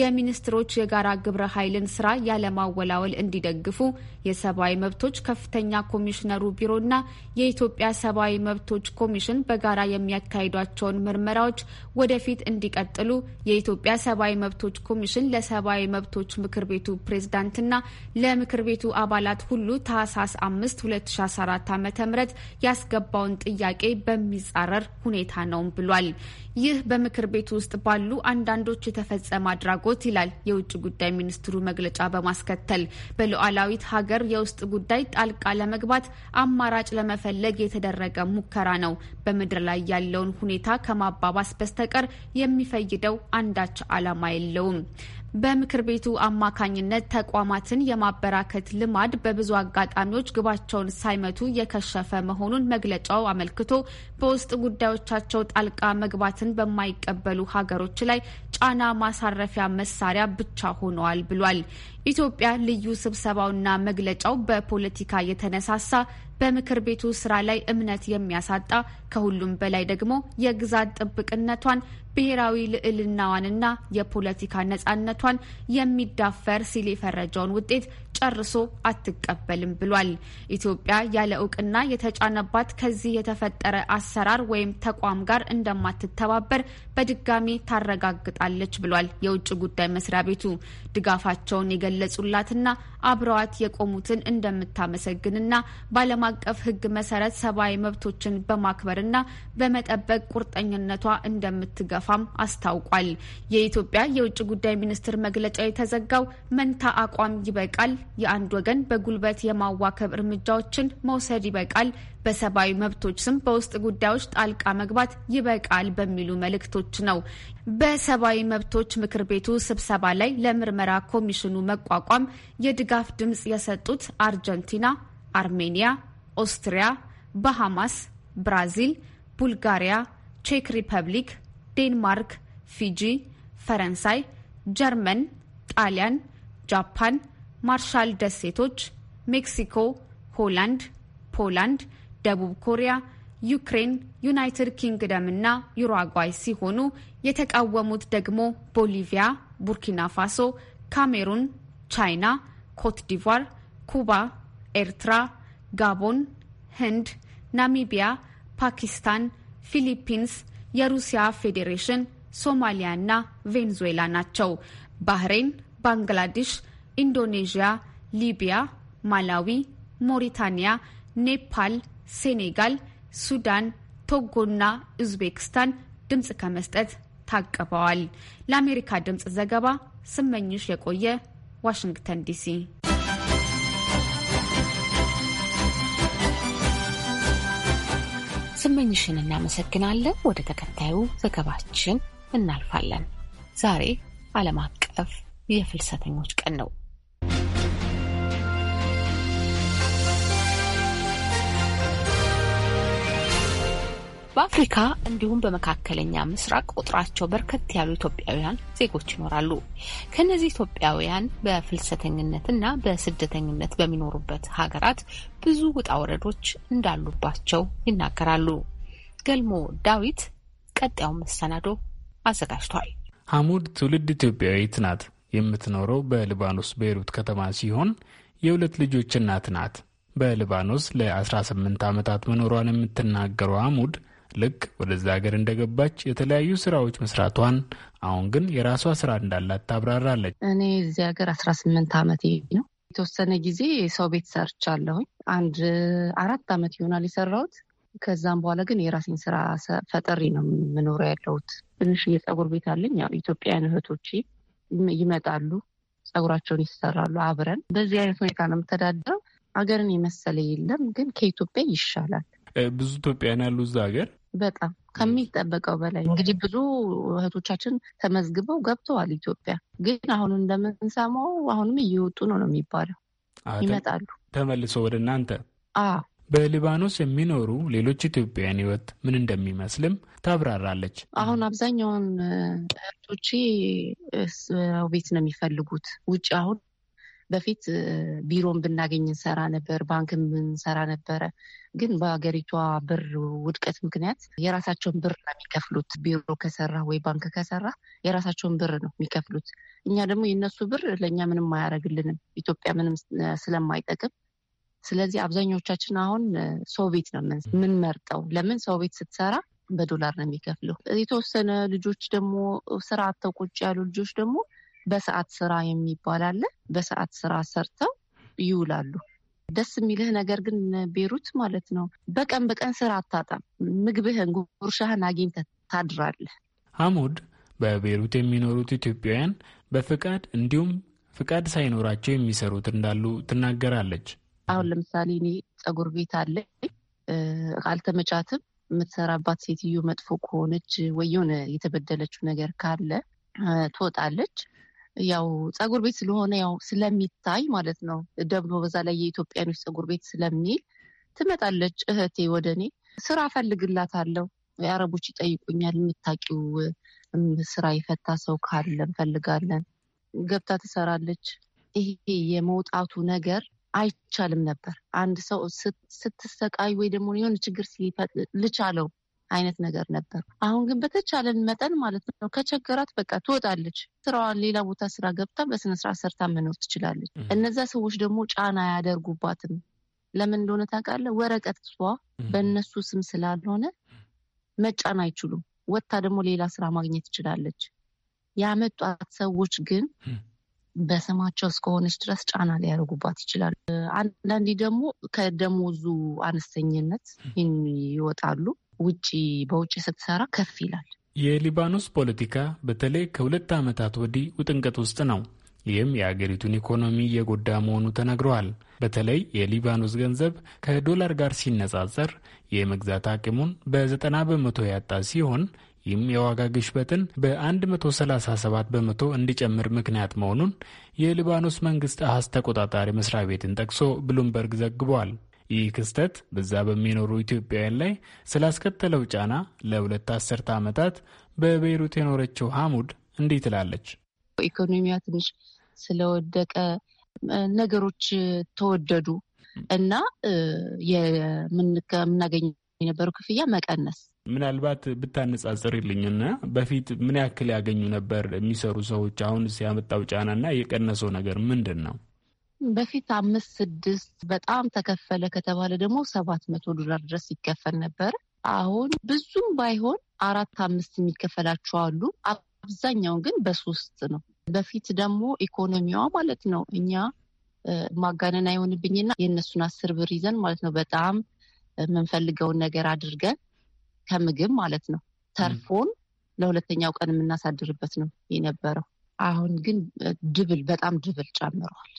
የሚኒስትሮች የጋራ ግብረ ኃይልን ስራ ያለማወላወል እንዲደግፉ የሰብአዊ መብቶች ከፍተኛ ኮሚሽነሩ ቢሮና የኢትዮጵያ ሰብአዊ መብቶች ኮሚሽን በጋራ የሚያካሂዷቸውን ምርመራዎች ወደፊት እንዲቀጥሉ የኢትዮጵያ ሰብአዊ መብቶች ኮሚሽን ለሰብአዊ መብቶች ምክር ቤቱ ፕሬዝዳንት ትናንትና ለምክር ቤቱ አባላት ሁሉ ታህሳስ አምስት 2014 ዓ ም ያስገባውን ጥያቄ በሚጻረር ሁኔታ ነውም ብሏል። ይህ በምክር ቤቱ ውስጥ ባሉ አንዳንዶች የተፈጸመ አድራጎት ይላል የውጭ ጉዳይ ሚኒስትሩ መግለጫ በማስከተል በሉዓላዊት ሀገር የውስጥ ጉዳይ ጣልቃ ለመግባት አማራጭ ለመፈለግ የተደረገ ሙከራ ነው። በምድር ላይ ያለውን ሁኔታ ከማባባስ በስተቀር የሚፈይደው አንዳች ዓላማ የለውም። በምክር ቤቱ አማካኝነት ተቋማትን የማበራከት ልማድ በብዙ አጋጣሚዎች ግባቸውን ሳይመቱ የከሸፈ መሆኑን መግለጫው አመልክቶ በውስጥ ጉዳዮቻቸው ጣልቃ መግባትን በማይቀበሉ ሀገሮች ላይ ጫና ማሳረፊያ መሳሪያ ብቻ ሆነዋል ብሏል። ኢትዮጵያ ልዩ ስብሰባውና መግለጫው በፖለቲካ የተነሳሳ በምክር ቤቱ ስራ ላይ እምነት የሚያሳጣ ከሁሉም በላይ ደግሞ የግዛት ጥብቅነቷን ብሔራዊ ልዕልናዋንና የፖለቲካ ነጻነቷን የሚዳፈር ሲል የፈረጀውን ውጤት ጨርሶ አትቀበልም ብሏል። ኢትዮጵያ ያለ እውቅና የተጫነባት ከዚህ የተፈጠረ አሰራር ወይም ተቋም ጋር እንደማትተባበር በድጋሚ ታረጋግጣለች ብሏል የውጭ ጉዳይ መስሪያ ቤቱ ድጋፋቸውን እንደገለጹላትና አብረዋት የቆሙትን እንደምታመሰግንና በዓለም አቀፍ ሕግ መሰረት ሰብአዊ መብቶችን በማክበርና በመጠበቅ ቁርጠኝነቷ እንደምትገፋም አስታውቋል። የኢትዮጵያ የውጭ ጉዳይ ሚኒስትር መግለጫ የተዘጋው መንታ አቋም ይበቃል፣ የአንድ ወገን በጉልበት የማዋከብ እርምጃዎችን መውሰድ ይበቃል በሰብአዊ መብቶች ስም በውስጥ ጉዳዮች ጣልቃ መግባት ይበቃል በሚሉ መልእክቶች ነው። በሰብአዊ መብቶች ምክር ቤቱ ስብሰባ ላይ ለምርመራ ኮሚሽኑ መቋቋም የድጋፍ ድምፅ የሰጡት አርጀንቲና፣ አርሜኒያ፣ ኦስትሪያ፣ ባሃማስ፣ ብራዚል፣ ቡልጋሪያ፣ ቼክ ሪፐብሊክ፣ ዴንማርክ፣ ፊጂ፣ ፈረንሳይ፣ ጀርመን፣ ጣሊያን፣ ጃፓን፣ ማርሻል ደሴቶች፣ ሜክሲኮ፣ ሆላንድ፣ ፖላንድ ደቡብ ኮሪያ፣ ዩክሬን፣ ዩናይትድ ኪንግደም እና ዩራጓይ ሲሆኑ የተቃወሙት ደግሞ ቦሊቪያ፣ ቡርኪና ፋሶ፣ ካሜሩን፣ ቻይና፣ ኮትዲቫር፣ ኩባ፣ ኤርትራ፣ ጋቦን፣ ህንድ፣ ናሚቢያ፣ ፓኪስታን፣ ፊሊፒንስ፣ የሩሲያ ፌዴሬሽን፣ ሶማሊያ እና ቬንዙዌላ ናቸው። ባህሬን፣ ባንግላዴሽ፣ ኢንዶኔዥያ፣ ሊቢያ፣ ማላዊ፣ ሞሪታኒያ፣ ኔፓል ሴኔጋል፣ ሱዳን፣ ቶጎና ኡዝቤክስታን ድምፅ ከመስጠት ታቅበዋል። ለአሜሪካ ድምፅ ዘገባ ስመኝሽ የቆየ ዋሽንግተን ዲሲ። ስመኝሽን እናመሰግናለን። ወደ ተከታዩ ዘገባችን እናልፋለን። ዛሬ ዓለም አቀፍ የፍልሰተኞች ቀን ነው። በአፍሪካ እንዲሁም በመካከለኛ ምስራቅ ቁጥራቸው በርከት ያሉ ኢትዮጵያውያን ዜጎች ይኖራሉ። ከእነዚህ ኢትዮጵያውያን በፍልሰተኝነትና በስደተኝነት በሚኖሩበት ሀገራት ብዙ ውጣ ወረዶች እንዳሉባቸው ይናገራሉ። ገልሞ ዳዊት ቀጣዩን መሰናዶ አዘጋጅቷል። ሐሙድ ትውልድ ኢትዮጵያዊት ናት። የምትኖረው በሊባኖስ ቤይሩት ከተማ ሲሆን የሁለት ልጆች እናት ናት። በሊባኖስ ለ18 ዓመታት መኖሯን የምትናገረው አሙድ ልክ ወደዚ ሀገር እንደገባች የተለያዩ ስራዎች መስራቷን አሁን ግን የራሷ ስራ እንዳላት ታብራራለች። እኔ እዚህ ሀገር አስራ ስምንት ዓመት ነው። የተወሰነ ጊዜ ሰው ቤት ሰርቻለሁኝ። አንድ አራት ዓመት ይሆናል የሰራሁት። ከዛም በኋላ ግን የራሴን ስራ ፈጠሪ ነው ምኖረ ያለሁት። ትንሽ የጸጉር ቤት አለኝ። ያው ኢትዮጵያውያን ይመጣሉ፣ ጸጉራቸውን ይሰራሉ አብረን። በዚህ አይነት ሁኔታ ነው የምተዳደረው። ሀገርን የመሰለ የለም፣ ግን ከኢትዮጵያ ይሻላል። ብዙ ኢትዮጵያውያን ያሉ እዛ ሀገር በጣም ከሚጠበቀው በላይ እንግዲህ ብዙ እህቶቻችን ተመዝግበው ገብተዋል። ኢትዮጵያ ግን አሁን እንደምንሰማው አሁንም እየወጡ ነው ነው የሚባለው ይመጣሉ ተመልሶ ወደ እናንተ። በሊባኖስ የሚኖሩ ሌሎች ኢትዮጵያውያን ህይወት ምን እንደሚመስልም ታብራራለች። አሁን አብዛኛውን እህቶቼ ቤት ነው የሚፈልጉት። ውጭ አሁን በፊት ቢሮን ብናገኝ እንሰራ ነበር፣ ባንክን ብንሰራ ነበረ። ግን በሀገሪቷ ብር ውድቀት ምክንያት የራሳቸውን ብር ነው የሚከፍሉት። ቢሮ ከሰራ ወይ ባንክ ከሰራ የራሳቸውን ብር ነው የሚከፍሉት። እኛ ደግሞ የእነሱ ብር ለእኛ ምንም አያደርግልንም፣ ኢትዮጵያ ምንም ስለማይጠቅም ስለዚህ አብዛኞቻችን አሁን ሰው ቤት ነው የምንመርጠው። ለምን ሰው ቤት ስትሰራ በዶላር ነው የሚከፍለው። የተወሰነ ልጆች ደግሞ ስራ አጥተው ቁጭ ያሉ ልጆች ደግሞ በሰዓት ስራ የሚባል አለ። በሰዓት ስራ ሰርተው ይውላሉ። ደስ የሚልህ ነገር ግን ቤሩት ማለት ነው፣ በቀን በቀን ስራ አታጣም። ምግብህን፣ ጉርሻህን አግኝተህ ታድራለህ። አሙድ በቤሩት የሚኖሩት ኢትዮጵያውያን በፍቃድ እንዲሁም ፍቃድ ሳይኖራቸው የሚሰሩት እንዳሉ ትናገራለች። አሁን ለምሳሌ እኔ ጸጉር ቤት አለ አልተመቻትም። የምትሰራባት ሴትዮ መጥፎ ከሆነች ወይ የሆነ የተበደለችው ነገር ካለ ትወጣለች። ያው ጸጉር ቤት ስለሆነ ያው ስለሚታይ ማለት ነው። ደግሞ በዛ ላይ የኢትዮጵያኖች ጸጉር ቤት ስለሚል ትመጣለች እህቴ ወደ እኔ ስራ እፈልግላታለሁ። የአረቦች ይጠይቁኛል፣ የምታውቂው ስራ የፈታ ሰው ካለ እንፈልጋለን። ገብታ ትሰራለች። ይሄ የመውጣቱ ነገር አይቻልም ነበር። አንድ ሰው ስትሰቃይ ወይ ደግሞ የሆነ ችግር ልቻለው አይነት ነገር ነበር። አሁን ግን በተቻለን መጠን ማለት ነው ከቸገራት በቃ ትወጣለች። ስራዋን ሌላ ቦታ ስራ ገብታ በስነስርዓት ሰርታ መኖር ትችላለች። እነዛ ሰዎች ደግሞ ጫና አያደርጉባትም። ለምን እንደሆነ ታውቃለህ? ወረቀት እሷ በእነሱ ስም ስላልሆነ መጫን አይችሉም። ወጥታ ደግሞ ሌላ ስራ ማግኘት ትችላለች። ያመጧት ሰዎች ግን በስማቸው እስከሆነች ድረስ ጫና ሊያደርጉባት ይችላሉ። አንዳንዴ ደግሞ ከደሞዙ አነስተኝነት ይወጣሉ። ውጭ በውጭ ስትሰራ ከፍ ይላል። የሊባኖስ ፖለቲካ በተለይ ከሁለት ዓመታት ወዲህ ውጥንቅጥ ውስጥ ነው። ይህም የአገሪቱን ኢኮኖሚ የጎዳ መሆኑ ተነግረዋል። በተለይ የሊባኖስ ገንዘብ ከዶላር ጋር ሲነጻጸር የመግዛት አቅሙን በዘጠና በመቶ ያጣ ሲሆን ይህም የዋጋ ግሽበትን በ137 በመቶ እንዲጨምር ምክንያት መሆኑን የሊባኖስ መንግስት አሃዝ ተቆጣጣሪ መስሪያ ቤትን ጠቅሶ ብሉምበርግ ዘግቧል። ይህ ክስተት በዛ በሚኖሩ ኢትዮጵያውያን ላይ ስላስከተለው ጫና ለሁለት አስርተ ዓመታት በቤይሩት የኖረችው ሐሙድ እንዲህ ትላለች። ኢኮኖሚያ ትንሽ ስለወደቀ ነገሮች ተወደዱ እና የምናገኘው የነበረው ክፍያ መቀነስ ምናልባት ብታነጻጽሪልኝና በፊት ምን ያክል ያገኙ ነበር የሚሰሩ ሰዎች? አሁን ሲያመጣው ጫናና የቀነሰው ነገር ምንድን ነው? በፊት አምስት ስድስት በጣም ተከፈለ ከተባለ ደግሞ ሰባት መቶ ዶላር ድረስ ይከፈል ነበር። አሁን ብዙም ባይሆን አራት አምስት የሚከፈላቸው አሉ። አብዛኛው ግን በሶስት ነው። በፊት ደግሞ ኢኮኖሚዋ ማለት ነው እኛ ማጋነን አይሆንብኝና የእነሱን አስር ብር ይዘን ማለት ነው በጣም የምንፈልገውን ነገር አድርገን ከምግብ ማለት ነው ተርፎን ለሁለተኛው ቀን የምናሳድርበት ነው የነበረው። አሁን ግን ድብል በጣም ድብል ጨምረዋል።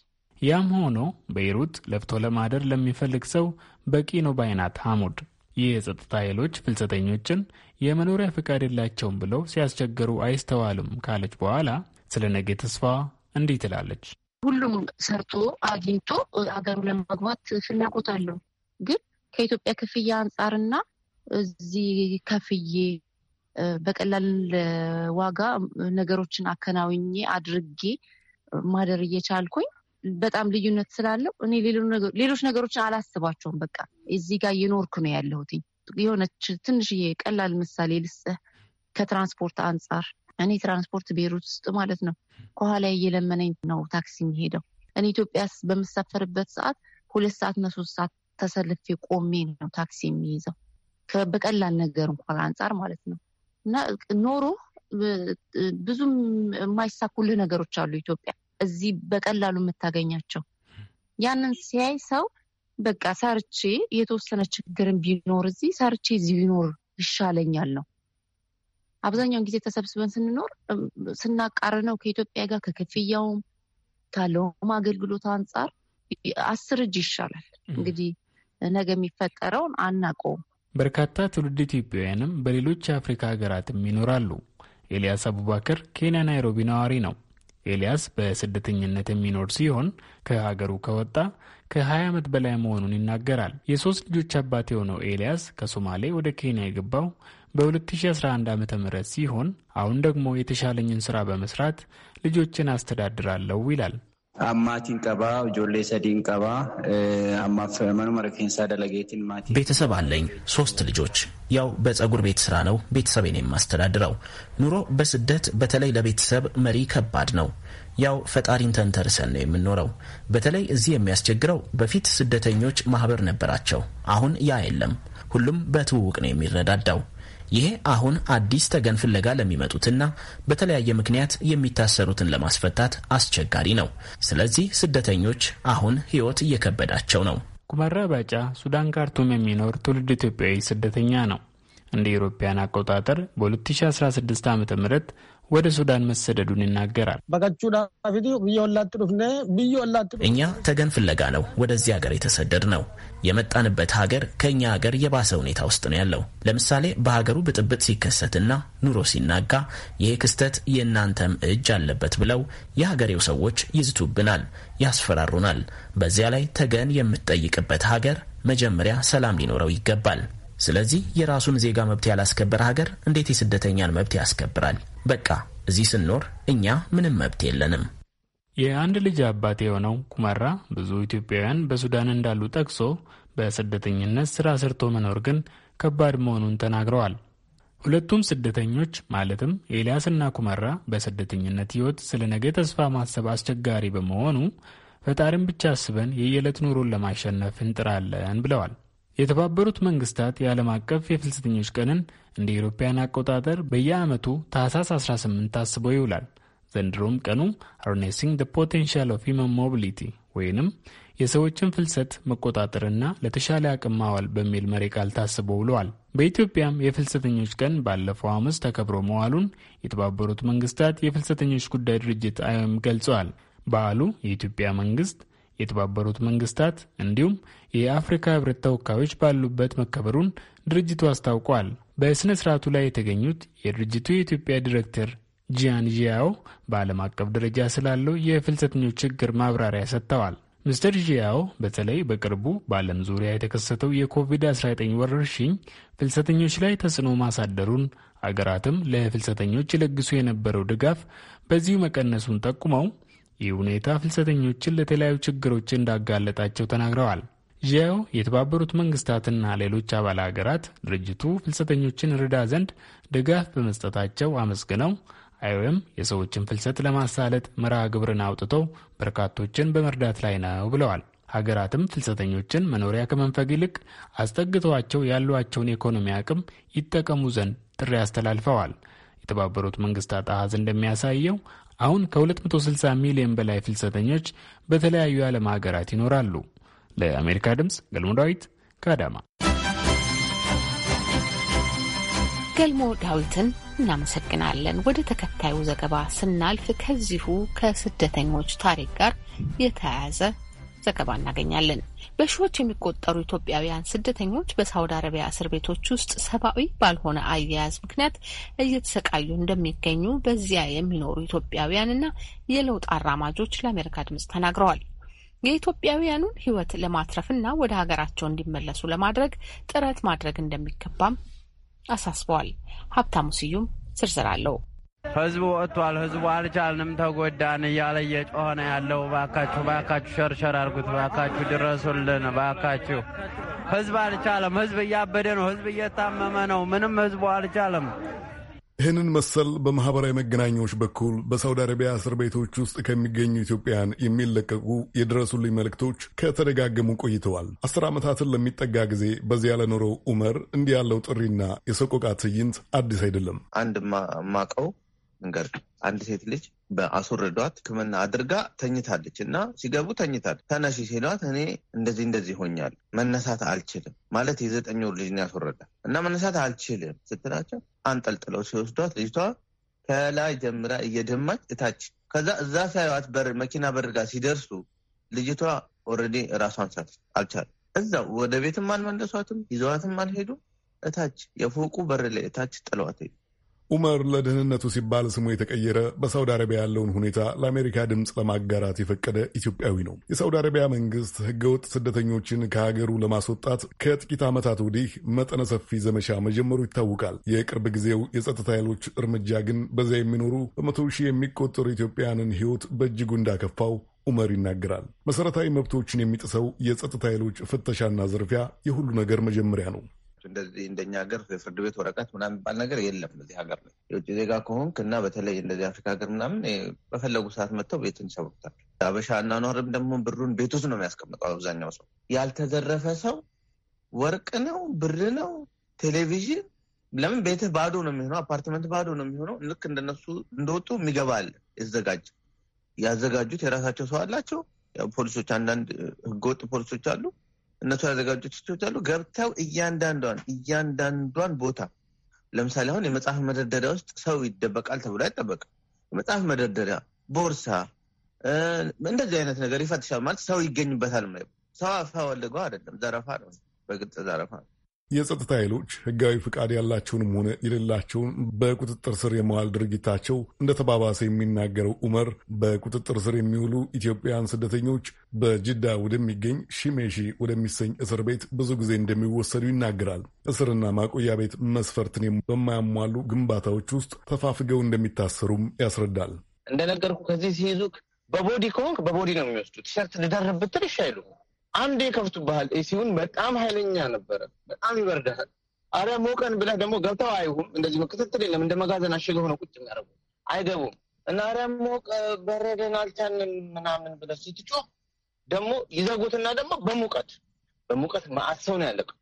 ያም ሆኖ በይሩት ለፍቶ ለማደር ለሚፈልግ ሰው በቂ ነው ባይናት ሐሙድ። ይህ የጸጥታ ኃይሎች ፍልሰተኞችን የመኖሪያ ፈቃድ የላቸውም ብለው ሲያስቸግሩ አይስተዋልም ካለች በኋላ ስለ ነገ ተስፋ እንዲህ ትላለች። ሁሉም ሰርቶ አግኝቶ አገሩ ለመግባት ፍላጎት አለው። ግን ከኢትዮጵያ ክፍያ አንጻርና እዚህ ከፍዬ በቀላል ዋጋ ነገሮችን አከናውኜ አድርጌ ማደር እየቻልኩኝ በጣም ልዩነት ስላለው እኔ ሌሎች ነገሮችን አላስባቸውም። በቃ እዚህ ጋር እየኖርኩ ነው ያለሁት። የሆነች ትንሽዬ ቀላል ምሳሌ ልስጥህ። ከትራንስፖርት አንጻር እኔ ትራንስፖርት ቤሩት ውስጥ ማለት ነው ከኋላ እየለመነኝ ነው ታክሲ የሚሄደው። እኔ ኢትዮጵያ በምሳፈርበት ሰዓት ሁለት ሰዓት እና ሶስት ሰዓት ተሰልፌ ቆሜ ነው ታክሲ የሚይዘው በቀላል ነገር እንኳን አንጻር ማለት ነው እና ኖሮ ብዙም የማይሳኩልህ ነገሮች አሉ ኢትዮጵያ እዚህ በቀላሉ የምታገኛቸው ያንን ሲያይ ሰው በቃ ሰርቼ የተወሰነ ችግርን ቢኖር እዚህ ሰርቼ እዚህ ቢኖር ይሻለኛል ነው። አብዛኛውን ጊዜ ተሰብስበን ስንኖር ስናቃር ነው ከኢትዮጵያ ጋር ከክፍያውም ካለውም አገልግሎት አንጻር አስር እጅ ይሻላል። እንግዲህ ነገ የሚፈጠረውን አናቀውም። በርካታ ትውልድ ኢትዮጵያውያንም በሌሎች የአፍሪካ ሀገራትም ይኖራሉ። ኤልያስ አቡባከር ኬንያ ናይሮቢ ነዋሪ ነው። ኤልያስ በስደተኝነት የሚኖር ሲሆን ከሀገሩ ከወጣ ከ20 ዓመት በላይ መሆኑን ይናገራል። የሶስት ልጆች አባት የሆነው ኤልያስ ከሶማሌ ወደ ኬንያ የገባው በ2011 ዓ ም ሲሆን አሁን ደግሞ የተሻለኝን ስራ በመስራት ልጆችን አስተዳድራለሁ ይላል። አማቲን ቀባ ጆሌ ሰዲን ቀባ አማፍ መኑመረ ደለጌትን ማቲ ቤተሰብ አለኝ። ሶስት ልጆች። ያው በጸጉር ቤት ስራ ነው ቤተሰቤን የማስተዳድረው። ኑሮ በስደት በተለይ ለቤተሰብ መሪ ከባድ ነው። ያው ፈጣሪን ተንተርሰን ነው የምኖረው በተለይ እዚህ የሚያስቸግረው በፊት ስደተኞች ማህበር ነበራቸው። አሁን ያ የለም። ሁሉም በትውውቅ ነው የሚረዳዳው። ይሄ አሁን አዲስ ተገን ፍለጋ ለሚመጡትና በተለያየ ምክንያት የሚታሰሩትን ለማስፈታት አስቸጋሪ ነው። ስለዚህ ስደተኞች አሁን ህይወት እየከበዳቸው ነው። ኩመራ ባጫ ሱዳን ካርቱም የሚኖር ትውልድ ኢትዮጵያዊ ስደተኛ ነው። እንደ ኢሮፓያን አቆጣጠር በ2016 ዓ ም ወደ ሱዳን መሰደዱን ይናገራል። እኛ ተገን ፍለጋ ነው ወደዚህ ሀገር የተሰደድ ነው። የመጣንበት ሀገር ከእኛ ሀገር የባሰ ሁኔታ ውስጥ ነው ያለው። ለምሳሌ በሀገሩ ብጥብጥ ሲከሰትና ኑሮ ሲናጋ ይሄ ክስተት የእናንተም እጅ አለበት ብለው የሀገሬው ሰዎች ይዝቱብናል፣ ያስፈራሩናል። በዚያ ላይ ተገን የምትጠይቅበት ሀገር መጀመሪያ ሰላም ሊኖረው ይገባል። ስለዚህ የራሱን ዜጋ መብት ያላስከበረ ሀገር እንዴት የስደተኛን መብት ያስከብራል? በቃ እዚህ ስንኖር እኛ ምንም መብት የለንም። የአንድ ልጅ አባት የሆነው ኩመራ ብዙ ኢትዮጵያውያን በሱዳን እንዳሉ ጠቅሶ በስደተኝነት ስራ ሰርቶ መኖር ግን ከባድ መሆኑን ተናግረዋል። ሁለቱም ስደተኞች ማለትም ኤልያስና ኩመራ በስደተኝነት ህይወት ስለ ነገ ተስፋ ማሰብ አስቸጋሪ በመሆኑ ፈጣሪን ብቻ አስበን የየዕለት ኑሮን ለማሸነፍ እንጥራለን ብለዋል። የተባበሩት መንግስታት የዓለም አቀፍ የፍልሰተኞች ቀንን እንደ ኢሮፓያን አቆጣጠር በየዓመቱ ታህሳስ 18 ታስቦ ይውላል። ዘንድሮም ቀኑ አርኔሲንግ ደ ፖቴንሻል ኦፍ ሂመን ሞቢሊቲ ወይንም የሰዎችን ፍልሰት መቆጣጠርና ለተሻለ አቅም ማዋል በሚል መሪ ቃል ታስቦ ውለዋል። በኢትዮጵያም የፍልሰተኞች ቀን ባለፈው ሐሙስ ተከብሮ መዋሉን የተባበሩት መንግስታት የፍልሰተኞች ጉዳይ ድርጅት አይኦኤም ገልጸዋል። በዓሉ የኢትዮጵያ መንግስት የተባበሩት መንግስታት እንዲሁም የአፍሪካ ህብረት ተወካዮች ባሉበት መከበሩን ድርጅቱ አስታውቋል። በሥነ ሥርዓቱ ላይ የተገኙት የድርጅቱ የኢትዮጵያ ዲሬክተር ጂያን ዢያዎ በዓለም አቀፍ ደረጃ ስላለው የፍልሰተኞች ችግር ማብራሪያ ሰጥተዋል። ምስተር ዢያዎ በተለይ በቅርቡ በዓለም ዙሪያ የተከሰተው የኮቪድ-19 ወረርሽኝ ፍልሰተኞች ላይ ተጽዕኖ ማሳደሩን፣ አገራትም ለፍልሰተኞች ይለግሱ የነበረው ድጋፍ በዚሁ መቀነሱን ጠቁመው ይህ ሁኔታ ፍልሰተኞችን ለተለያዩ ችግሮች እንዳጋለጣቸው ተናግረዋል። ዣያው የተባበሩት መንግስታትና ሌሎች አባል ሀገራት ድርጅቱ ፍልሰተኞችን ርዳ ዘንድ ድጋፍ በመስጠታቸው አመስግነው አይወም የሰዎችን ፍልሰት ለማሳለጥ መርሃ ግብርን አውጥተው በርካቶችን በመርዳት ላይ ነው ብለዋል። ሀገራትም ፍልሰተኞችን መኖሪያ ከመንፈግ ይልቅ አስጠግተዋቸው ያሏቸውን የኢኮኖሚ አቅም ይጠቀሙ ዘንድ ጥሪ አስተላልፈዋል። የተባበሩት መንግስታት አሃዝ እንደሚያሳየው አሁን ከ260 ሚሊዮን በላይ ፍልሰተኞች በተለያዩ የዓለም ሀገራት ይኖራሉ። ለአሜሪካ ድምፅ ገልሞ ዳዊት ከአዳማ። ገልሞ ዳዊትን እናመሰግናለን። ወደ ተከታዩ ዘገባ ስናልፍ ከዚሁ ከስደተኞች ታሪክ ጋር የተያያዘ ዘገባ እናገኛለን። በሺዎች የሚቆጠሩ ኢትዮጵያውያን ስደተኞች በሳውዲ አረቢያ እስር ቤቶች ውስጥ ሰብአዊ ባልሆነ አያያዝ ምክንያት እየተሰቃዩ እንደሚገኙ በዚያ የሚኖሩ ኢትዮጵያውያንና የለውጥ አራማጆች ለአሜሪካ ድምጽ ተናግረዋል። የኢትዮጵያውያኑን ሕይወት ለማትረፍና ወደ ሀገራቸው እንዲመለሱ ለማድረግ ጥረት ማድረግ እንደሚገባም አሳስበዋል። ሀብታሙ ስዩም ዝርዝር አለው። ህዝቡ ወጥቷል። ህዝቡ አልቻልንም፣ ተጎዳን እያለ እየጮኸ ነው ያለው። ባካችሁ ባካችሁ፣ ሸርሸር አድርጉት፣ ባካችሁ ድረሱልን፣ ባካችሁ። ህዝብ አልቻለም። ህዝብ እያበደ ነው። ህዝብ እየታመመ ነው። ምንም ህዝቡ አልቻለም። ይህንን መሰል በማህበራዊ መገናኛዎች በኩል በሳውዲ አረቢያ እስር ቤቶች ውስጥ ከሚገኙ ኢትዮጵያን የሚለቀቁ የድረሱልኝ መልእክቶች ከተደጋገሙ ቆይተዋል። አስር ዓመታትን ለሚጠጋ ጊዜ በዚህ ያለኖረው ኡመር እንዲህ ያለው ጥሪና የሰቆቃ ትዕይንት አዲስ አይደለም። አንድ ማቀው ንገር አንድ ሴት ልጅ በአስወርዷት ሕክምና አድርጋ ተኝታለች እና ሲገቡ ተኝታል። ተነሺ ሲሏት እኔ እንደዚህ እንደዚህ ሆኛል መነሳት አልችልም ማለት የዘጠኝ ወር ልጅ ነው እና መነሳት አልችልም ስትላቸው አንጠልጥለው ሲወስዷት ልጅቷ ከላይ ጀምራ እየደማች እታች ከዛ እዛ ሳይዋት በር መኪና በር ጋር ሲደርሱ ልጅቷ ኦልሬዲ ራሷን ሳት አልቻለም። እዛው ወደ ቤትም አልመለሷትም፣ ይዘዋትም አልሄዱም። እታች የፎቁ በር ላይ እታች ጥለዋት ሄዱ። ኡመር ለደህንነቱ ሲባል ስሙ የተቀየረ በሳውዲ አረቢያ ያለውን ሁኔታ ለአሜሪካ ድምፅ ለማጋራት የፈቀደ ኢትዮጵያዊ ነው። የሳውዲ አረቢያ መንግስት ህገወጥ ስደተኞችን ከሀገሩ ለማስወጣት ከጥቂት ዓመታት ወዲህ መጠነ ሰፊ ዘመቻ መጀመሩ ይታወቃል። የቅርብ ጊዜው የጸጥታ ኃይሎች እርምጃ ግን በዚያ የሚኖሩ በመቶ ሺህ የሚቆጠሩ ኢትዮጵያውያንን ህይወት በእጅጉ እንዳከፋው ኡመር ይናገራል። መሠረታዊ መብቶችን የሚጥሰው የጸጥታ ኃይሎች ፍተሻና ዝርፊያ የሁሉ ነገር መጀመሪያ ነው። እንደዚህ እንደኛ ሀገር ፍርድ ቤት ወረቀት ምናምን የሚባል ነገር የለም። እዚህ ሀገር ላይ የውጭ ዜጋ ከሆንክ እና በተለይ እንደዚህ አፍሪካ ሀገር ምናምን በፈለጉ ሰዓት መጥተው ቤትን ይሰብሩታል። አበሻ አኗኗርም ደግሞ ብሩን ቤት ውስጥ ነው የሚያስቀምጠው አብዛኛው ሰው። ያልተዘረፈ ሰው ወርቅ ነው ብር ነው ቴሌቪዥን ለምን ቤትህ ባዶ ነው የሚሆነው? አፓርትመንት ባዶ ነው የሚሆነው። ልክ እንደነሱ እንደወጡ የሚገባ አለ። የተዘጋጀ ያዘጋጁት የራሳቸው ሰው አላቸው። ፖሊሶች፣ አንዳንድ ህገወጥ ፖሊሶች አሉ። እነቱ ያዘጋጁት ስቶች አሉ። ገብተው እያንዳንዷን እያንዳንዷን ቦታ ለምሳሌ አሁን የመጽሐፍ መደርደሪያ ውስጥ ሰው ይደበቃል ተብሎ አይጠበቅም። የመጽሐፍ መደርደሪያ፣ ቦርሳ፣ እንደዚህ አይነት ነገር ይፈትሻል ማለት ሰው ይገኝበታል። ሰው አፈወልገው አይደለም፣ ዘረፋ ነው፣ በግልጽ ዘረፋ ነው። የጸጥታ ኃይሎች ህጋዊ ፍቃድ ያላቸውንም ሆነ የሌላቸውን በቁጥጥር ስር የመዋል ድርጊታቸው እንደተባባሰ የሚናገረው ኡመር በቁጥጥር ስር የሚውሉ ኢትዮጵያውያን ስደተኞች በጅዳ ወደሚገኝ ሺሜሺ ወደሚሰኝ እስር ቤት ብዙ ጊዜ እንደሚወሰዱ ይናገራል። እስርና ማቆያ ቤት መስፈርትን በማያሟሉ ግንባታዎች ውስጥ ተፋፍገው እንደሚታሰሩም ያስረዳል። እንደነገርኩ ከዚህ ሲይዙ በቦዲ ከሆንክ በቦዲ ነው የሚወስዱት። ቲሸርት ልደርብ ብትል ይሻይሉ አንዴ ከፍቱብሃል። ኤሲውን በጣም ኃይለኛ ነበረ። በጣም ይበርዳል። አረ ሞቀን ብለህ ደግሞ ገብተው አይሁም። እንደዚህ ክትትል የለም። እንደ መጋዘን አሽገ ሆነ ቁጭ የሚያደርጉ አይገቡም። እና አረ ሞቀ በረደን አልቻንን ምናምን ብለህ ስትጮ ደግሞ ይዘጉትና ደግሞ በሙቀት በሙቀት መዓት ሰው ነው ያለቀው።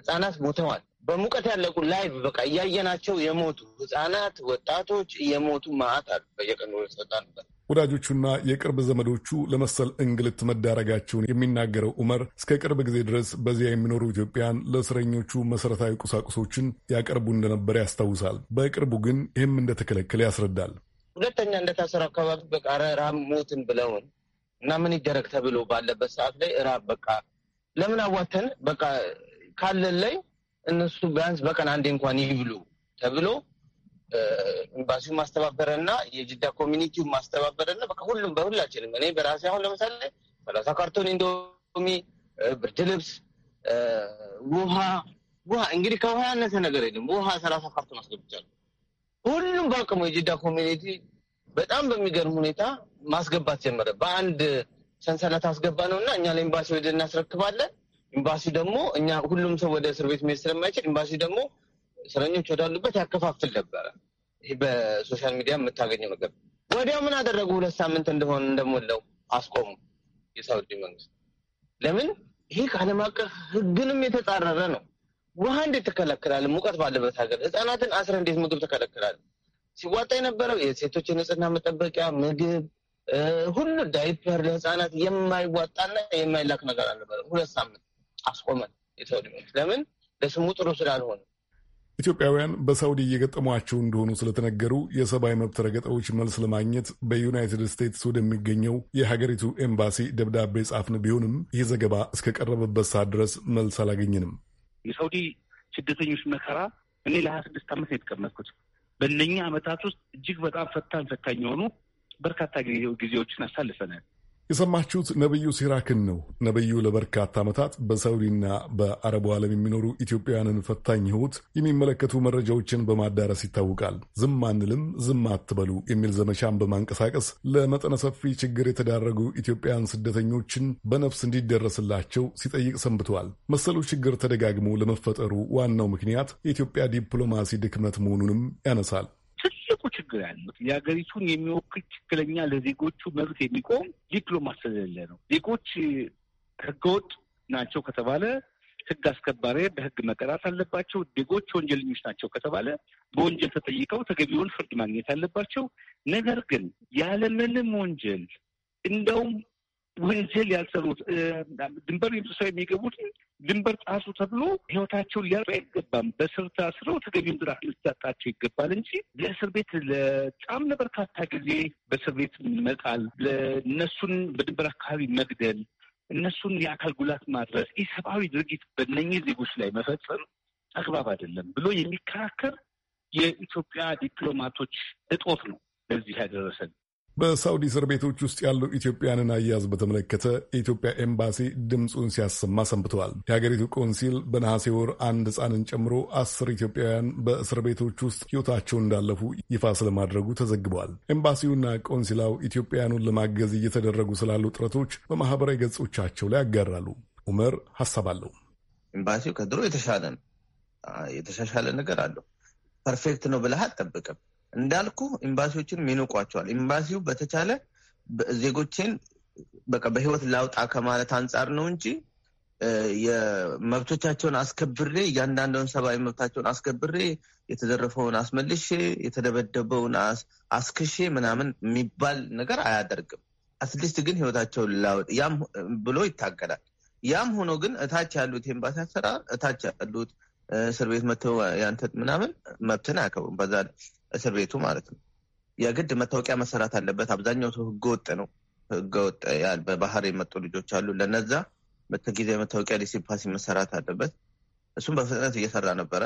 ህፃናት ሞተዋል። በሙቀት ያለቁ ላይቭ በቃ እያየናቸው የሞቱ ህፃናት፣ ወጣቶች እየሞቱ መዓት አሉ። በየቀኑ ወጣንበት ወዳጆቹና የቅርብ ዘመዶቹ ለመሰል እንግልት መዳረጋቸውን የሚናገረው ዑመር እስከ ቅርብ ጊዜ ድረስ በዚያ የሚኖሩ ኢትዮጵያን ለእስረኞቹ መሠረታዊ ቁሳቁሶችን ያቀርቡ እንደነበረ ያስታውሳል። በቅርቡ ግን ይህም እንደተከለከለ ያስረዳል። ሁለተኛ እንደታሰሩ አካባቢ በቃ ራብ ሞትን ብለውን እና ምን ይደረግ ተብሎ ባለበት ሰዓት ላይ ራብ በቃ ለምን አዋተን በቃ ካለን ላይ እነሱ ቢያንስ በቀን አንዴ እንኳን ይብሉ ተብሎ ኤምባሲው ማስተባበረና የጅዳ ኮሚኒቲው ማስተባበረና በቃ ሁሉም በሁላችንም እኔ በራሴ አሁን ለምሳሌ ሰላሳ ካርቶን ኢንዶሚ፣ ብርድ ልብስ፣ ውሃ ውሃ እንግዲህ ከውሃ ያነሰ ነገር የለም። ውሃ ሰላሳ ካርቶን አስገብቻለሁ። ሁሉም በአቅሙ የጅዳ ኮሚኒቲ በጣም በሚገርም ሁኔታ ማስገባት ጀመረ። በአንድ ሰንሰለት አስገባ ነው እና እኛ ለኤምባሲ ወደ እናስረክባለን። ኤምባሲ ደግሞ እኛ ሁሉም ሰው ወደ እስር ቤት መሄድ ስለማይችል ኤምባሲ ደግሞ እስረኞች ወዳሉበት ያከፋፍል ነበረ። ይህ በሶሻል ሚዲያ የምታገኘው ነገር። ወዲያው ምን አደረጉ? ሁለት ሳምንት እንደሆነ እንደሞላው አስቆሙ። የሳውዲ መንግስት ለምን? ይህ ከዓለም አቀፍ ህግንም የተጻረረ ነው። ውሃ እንዴት ትከለክላል? ሙቀት ባለበት ሀገር ህጻናትን አስረ እንዴት ምግብ ትከለክላል? ሲዋጣ የነበረው የሴቶች የንጽህና መጠበቂያ ምግብ፣ ሁሉ ዳይፐር ለህፃናት የማይዋጣና የማይላክ ነገር አልነበረ። ሁለት ሳምንት አስቆመን የሳውዲ መንግስት ለምን? ለስሙ ጥሩ ስላልሆነ ኢትዮጵያውያን በሳውዲ እየገጠሟቸው እንደሆኑ ስለተነገሩ የሰብአዊ መብት ረገጣዎች መልስ ለማግኘት በዩናይትድ ስቴትስ ወደሚገኘው የሀገሪቱ ኤምባሲ ደብዳቤ ጻፍን። ቢሆንም ይህ ዘገባ እስከቀረበበት ሰዓት ድረስ መልስ አላገኝንም። የሳውዲ ስደተኞች መከራ እኔ ለሀያ ስድስት ዓመት ነው የተቀመጥኩት። በእነኛ ዓመታት ውስጥ እጅግ በጣም ፈታኝ ፈታኝ የሆኑ በርካታ ጊዜዎችን አሳልፈናል። የሰማችሁት ነቢዩ ሲራክን ነው። ነቢዩ ለበርካታ ዓመታት በሳውዲና በአረቡ ዓለም የሚኖሩ ኢትዮጵያውያንን ፈታኝ ሕይወት የሚመለከቱ መረጃዎችን በማዳረስ ይታወቃል። ዝም አንልም፣ ዝም አትበሉ የሚል ዘመቻን በማንቀሳቀስ ለመጠነ ሰፊ ችግር የተዳረጉ ኢትዮጵያውያን ስደተኞችን በነፍስ እንዲደረስላቸው ሲጠይቅ ሰንብተዋል። መሰሉ ችግር ተደጋግሞ ለመፈጠሩ ዋናው ምክንያት የኢትዮጵያ ዲፕሎማሲ ድክመት መሆኑንም ያነሳል። ችግር ያለው የሀገሪቱን የሚወክል ትክክለኛ ለዜጎቹ መብት የሚቆም ዲፕሎማት ስለሌለ ነው። ዜጎች ህገወጥ ናቸው ከተባለ ህግ አስከባሪ በህግ መቀጣት አለባቸው። ዜጎች ወንጀለኞች ናቸው ከተባለ በወንጀል ተጠይቀው ተገቢውን ፍርድ ማግኘት አለባቸው። ነገር ግን ያለምንም ወንጀል እንደውም ወንጀል ያልሰሩት ድንበር ጥሰው የሚገቡት ድንበር ጣሱ ተብሎ ህይወታቸውን ሊያጡ አይገባም። በስር ታስረው ተገቢውን ድራት ሊሰጣቸው ይገባል እንጂ ለእስር ቤት ለጣም ለበርካታ ጊዜ በእስር ቤት መጣል፣ ለእነሱን በድንበር አካባቢ መግደል፣ እነሱን የአካል ጉላት ማድረስ፣ ኢሰብአዊ ድርጊት በእነኚህ ዜጎች ላይ መፈጸም አግባብ አይደለም ብሎ የሚከራከር የኢትዮጵያ ዲፕሎማቶች እጦት ነው ለዚህ ያደረሰን። በሳውዲ እስር ቤቶች ውስጥ ያለው ኢትዮጵያንን አያያዝ በተመለከተ የኢትዮጵያ ኤምባሲ ድምፁን ሲያሰማ ሰንብተዋል። የሀገሪቱ ቆንሲል በነሐሴ ወር አንድ ህፃንን ጨምሮ አስር ኢትዮጵያውያን በእስር ቤቶች ውስጥ ሕይወታቸውን እንዳለፉ ይፋ ስለማድረጉ ተዘግበዋል። ኤምባሲውና ቆንሲላው ኢትዮጵያውያኑን ለማገዝ እየተደረጉ ስላሉ ጥረቶች በማህበራዊ ገጾቻቸው ላይ ያጋራሉ። ኡመር ሀሳብ አለው። ኤምባሲው ከድሮ የተሻለ ነው። የተሻሻለ ነገር አለው። ፐርፌክት ነው ብለህ አትጠብቅም። እንዳልኩ ኤምባሲዎችን ሚንቋቸዋል። ኤምባሲው በተቻለ ዜጎችን በቃ በህይወት ላውጣ ከማለት አንጻር ነው እንጂ የመብቶቻቸውን አስከብሬ እያንዳንዱን ሰብአዊ መብታቸውን አስከብሬ የተዘረፈውን አስመልሼ የተደበደበውን አስክሼ ምናምን የሚባል ነገር አያደርግም። አትሊስት ግን ህይወታቸውን ላውጥ ያም ብሎ ይታገላል። ያም ሆኖ ግን እታች ያሉት ኤምባሲ አሰራር እታች ያሉት እስር ቤት መተው ያንተ ምናምን መብትን አያከቡም። በዛ እስር ቤቱ ማለት ነው። የግድ መታወቂያ መሰራት አለበት። አብዛኛው ሰው ህገወጥ ነው። ህገወጥ በባህር የመጡ ልጆች አሉ። ለነዛ ጊዜ መታወቂያ ዲሲፓሲ መሰራት አለበት። እሱም በፍጥነት እየሰራ ነበረ።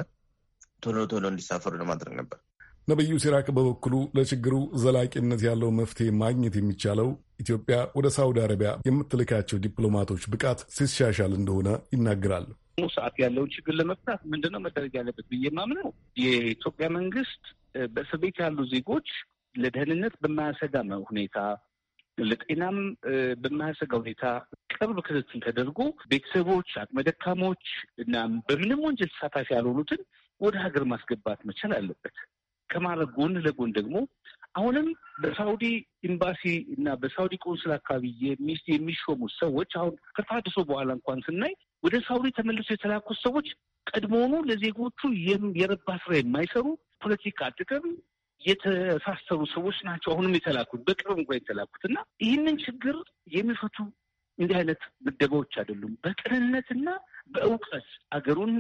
ቶሎ ቶሎ እንዲሳፈሩ ለማድረግ ነበር። ነቢዩ ሲራክ በበኩሉ ለችግሩ ዘላቂነት ያለው መፍትሄ ማግኘት የሚቻለው ኢትዮጵያ ወደ ሳውዲ አረቢያ የምትልካቸው ዲፕሎማቶች ብቃት ሲሻሻል እንደሆነ ይናገራል። ሰዓት ያለውን ችግር ለመፍታት ምንድነው መደረግ ያለበት ብዬ ማምነው የኢትዮጵያ መንግስት በእስር ቤት ያሉ ዜጎች ለደህንነት በማያሰጋ ሁኔታ ለጤናም በማያሰጋ ሁኔታ ቅርብ ክትትል ተደርጎ ቤተሰቦች፣ አቅመ ደካሞች እና በምንም ወንጀል ተሳታፊ ያልሆኑትን ወደ ሀገር ማስገባት መቻል አለበት። ከማድረግ ጎን ለጎን ደግሞ አሁንም በሳውዲ ኤምባሲ እና በሳውዲ ቆንስል አካባቢ የሚሾሙት ሰዎች አሁን ከታድሶ በኋላ እንኳን ስናይ ወደ ሳውዲ ተመልሶ የተላኩት ሰዎች ቀድሞውኑ ለዜጎቹ የረባ ስራ የማይሰሩ ፖለቲካ ጥቅም የተሳሰሩ ሰዎች ናቸው። አሁንም የተላኩት በቅርብ እንኳ የተላኩት እና ይህንን ችግር የሚፈቱ እንዲህ አይነት ምደባዎች አይደሉም። በቅንነትና በእውቀት አገሩን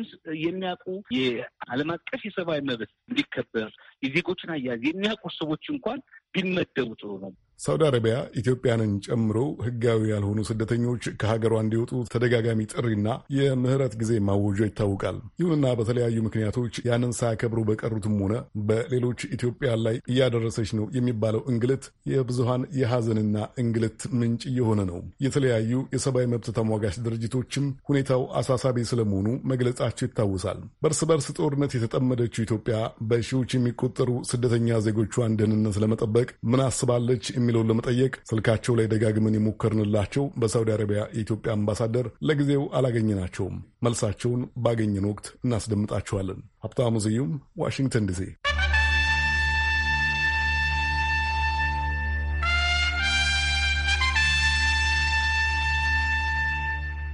የሚያውቁ የዓለም አቀፍ የሰብአዊ መብት እንዲከበር የዜጎችን አያያዝ የሚያውቁ ሰዎች እንኳን ቢመደቡ ጥሩ ነው። ሳውዲ አረቢያ ኢትዮጵያንን ጨምሮ ህጋዊ ያልሆኑ ስደተኞች ከሀገሯ እንዲወጡ ተደጋጋሚ ጥሪና የምህረት ጊዜ ማወጇ ይታወቃል። ይሁንና በተለያዩ ምክንያቶች ያንን ሳያከብሩ በቀሩትም ሆነ በሌሎች ኢትዮጵያን ላይ እያደረሰች ነው የሚባለው እንግልት የብዙሃን የሀዘንና እንግልት ምንጭ እየሆነ ነው። የተለያዩ የሰብአዊ መብት ተሟጋች ድርጅቶችም ሁኔታው አሳሳቢ ስለመሆኑ መግለጻቸው ይታወሳል። በእርስ በርስ ጦርነት የተጠመደችው ኢትዮጵያ በሺዎች የሚቆጠሩ ስደተኛ ዜጎቿን ደህንነት ለመጠበቅ ምን አስባለች? የሚለውን ለመጠየቅ ስልካቸው ላይ ደጋግመን የሞከርንላቸው በሳውዲ አረቢያ የኢትዮጵያ አምባሳደር ለጊዜው አላገኘናቸውም። መልሳቸውን ባገኘን ወቅት እናስደምጣችኋለን። ሀብታሙ ስዩም ዋሽንግተን ዲሲ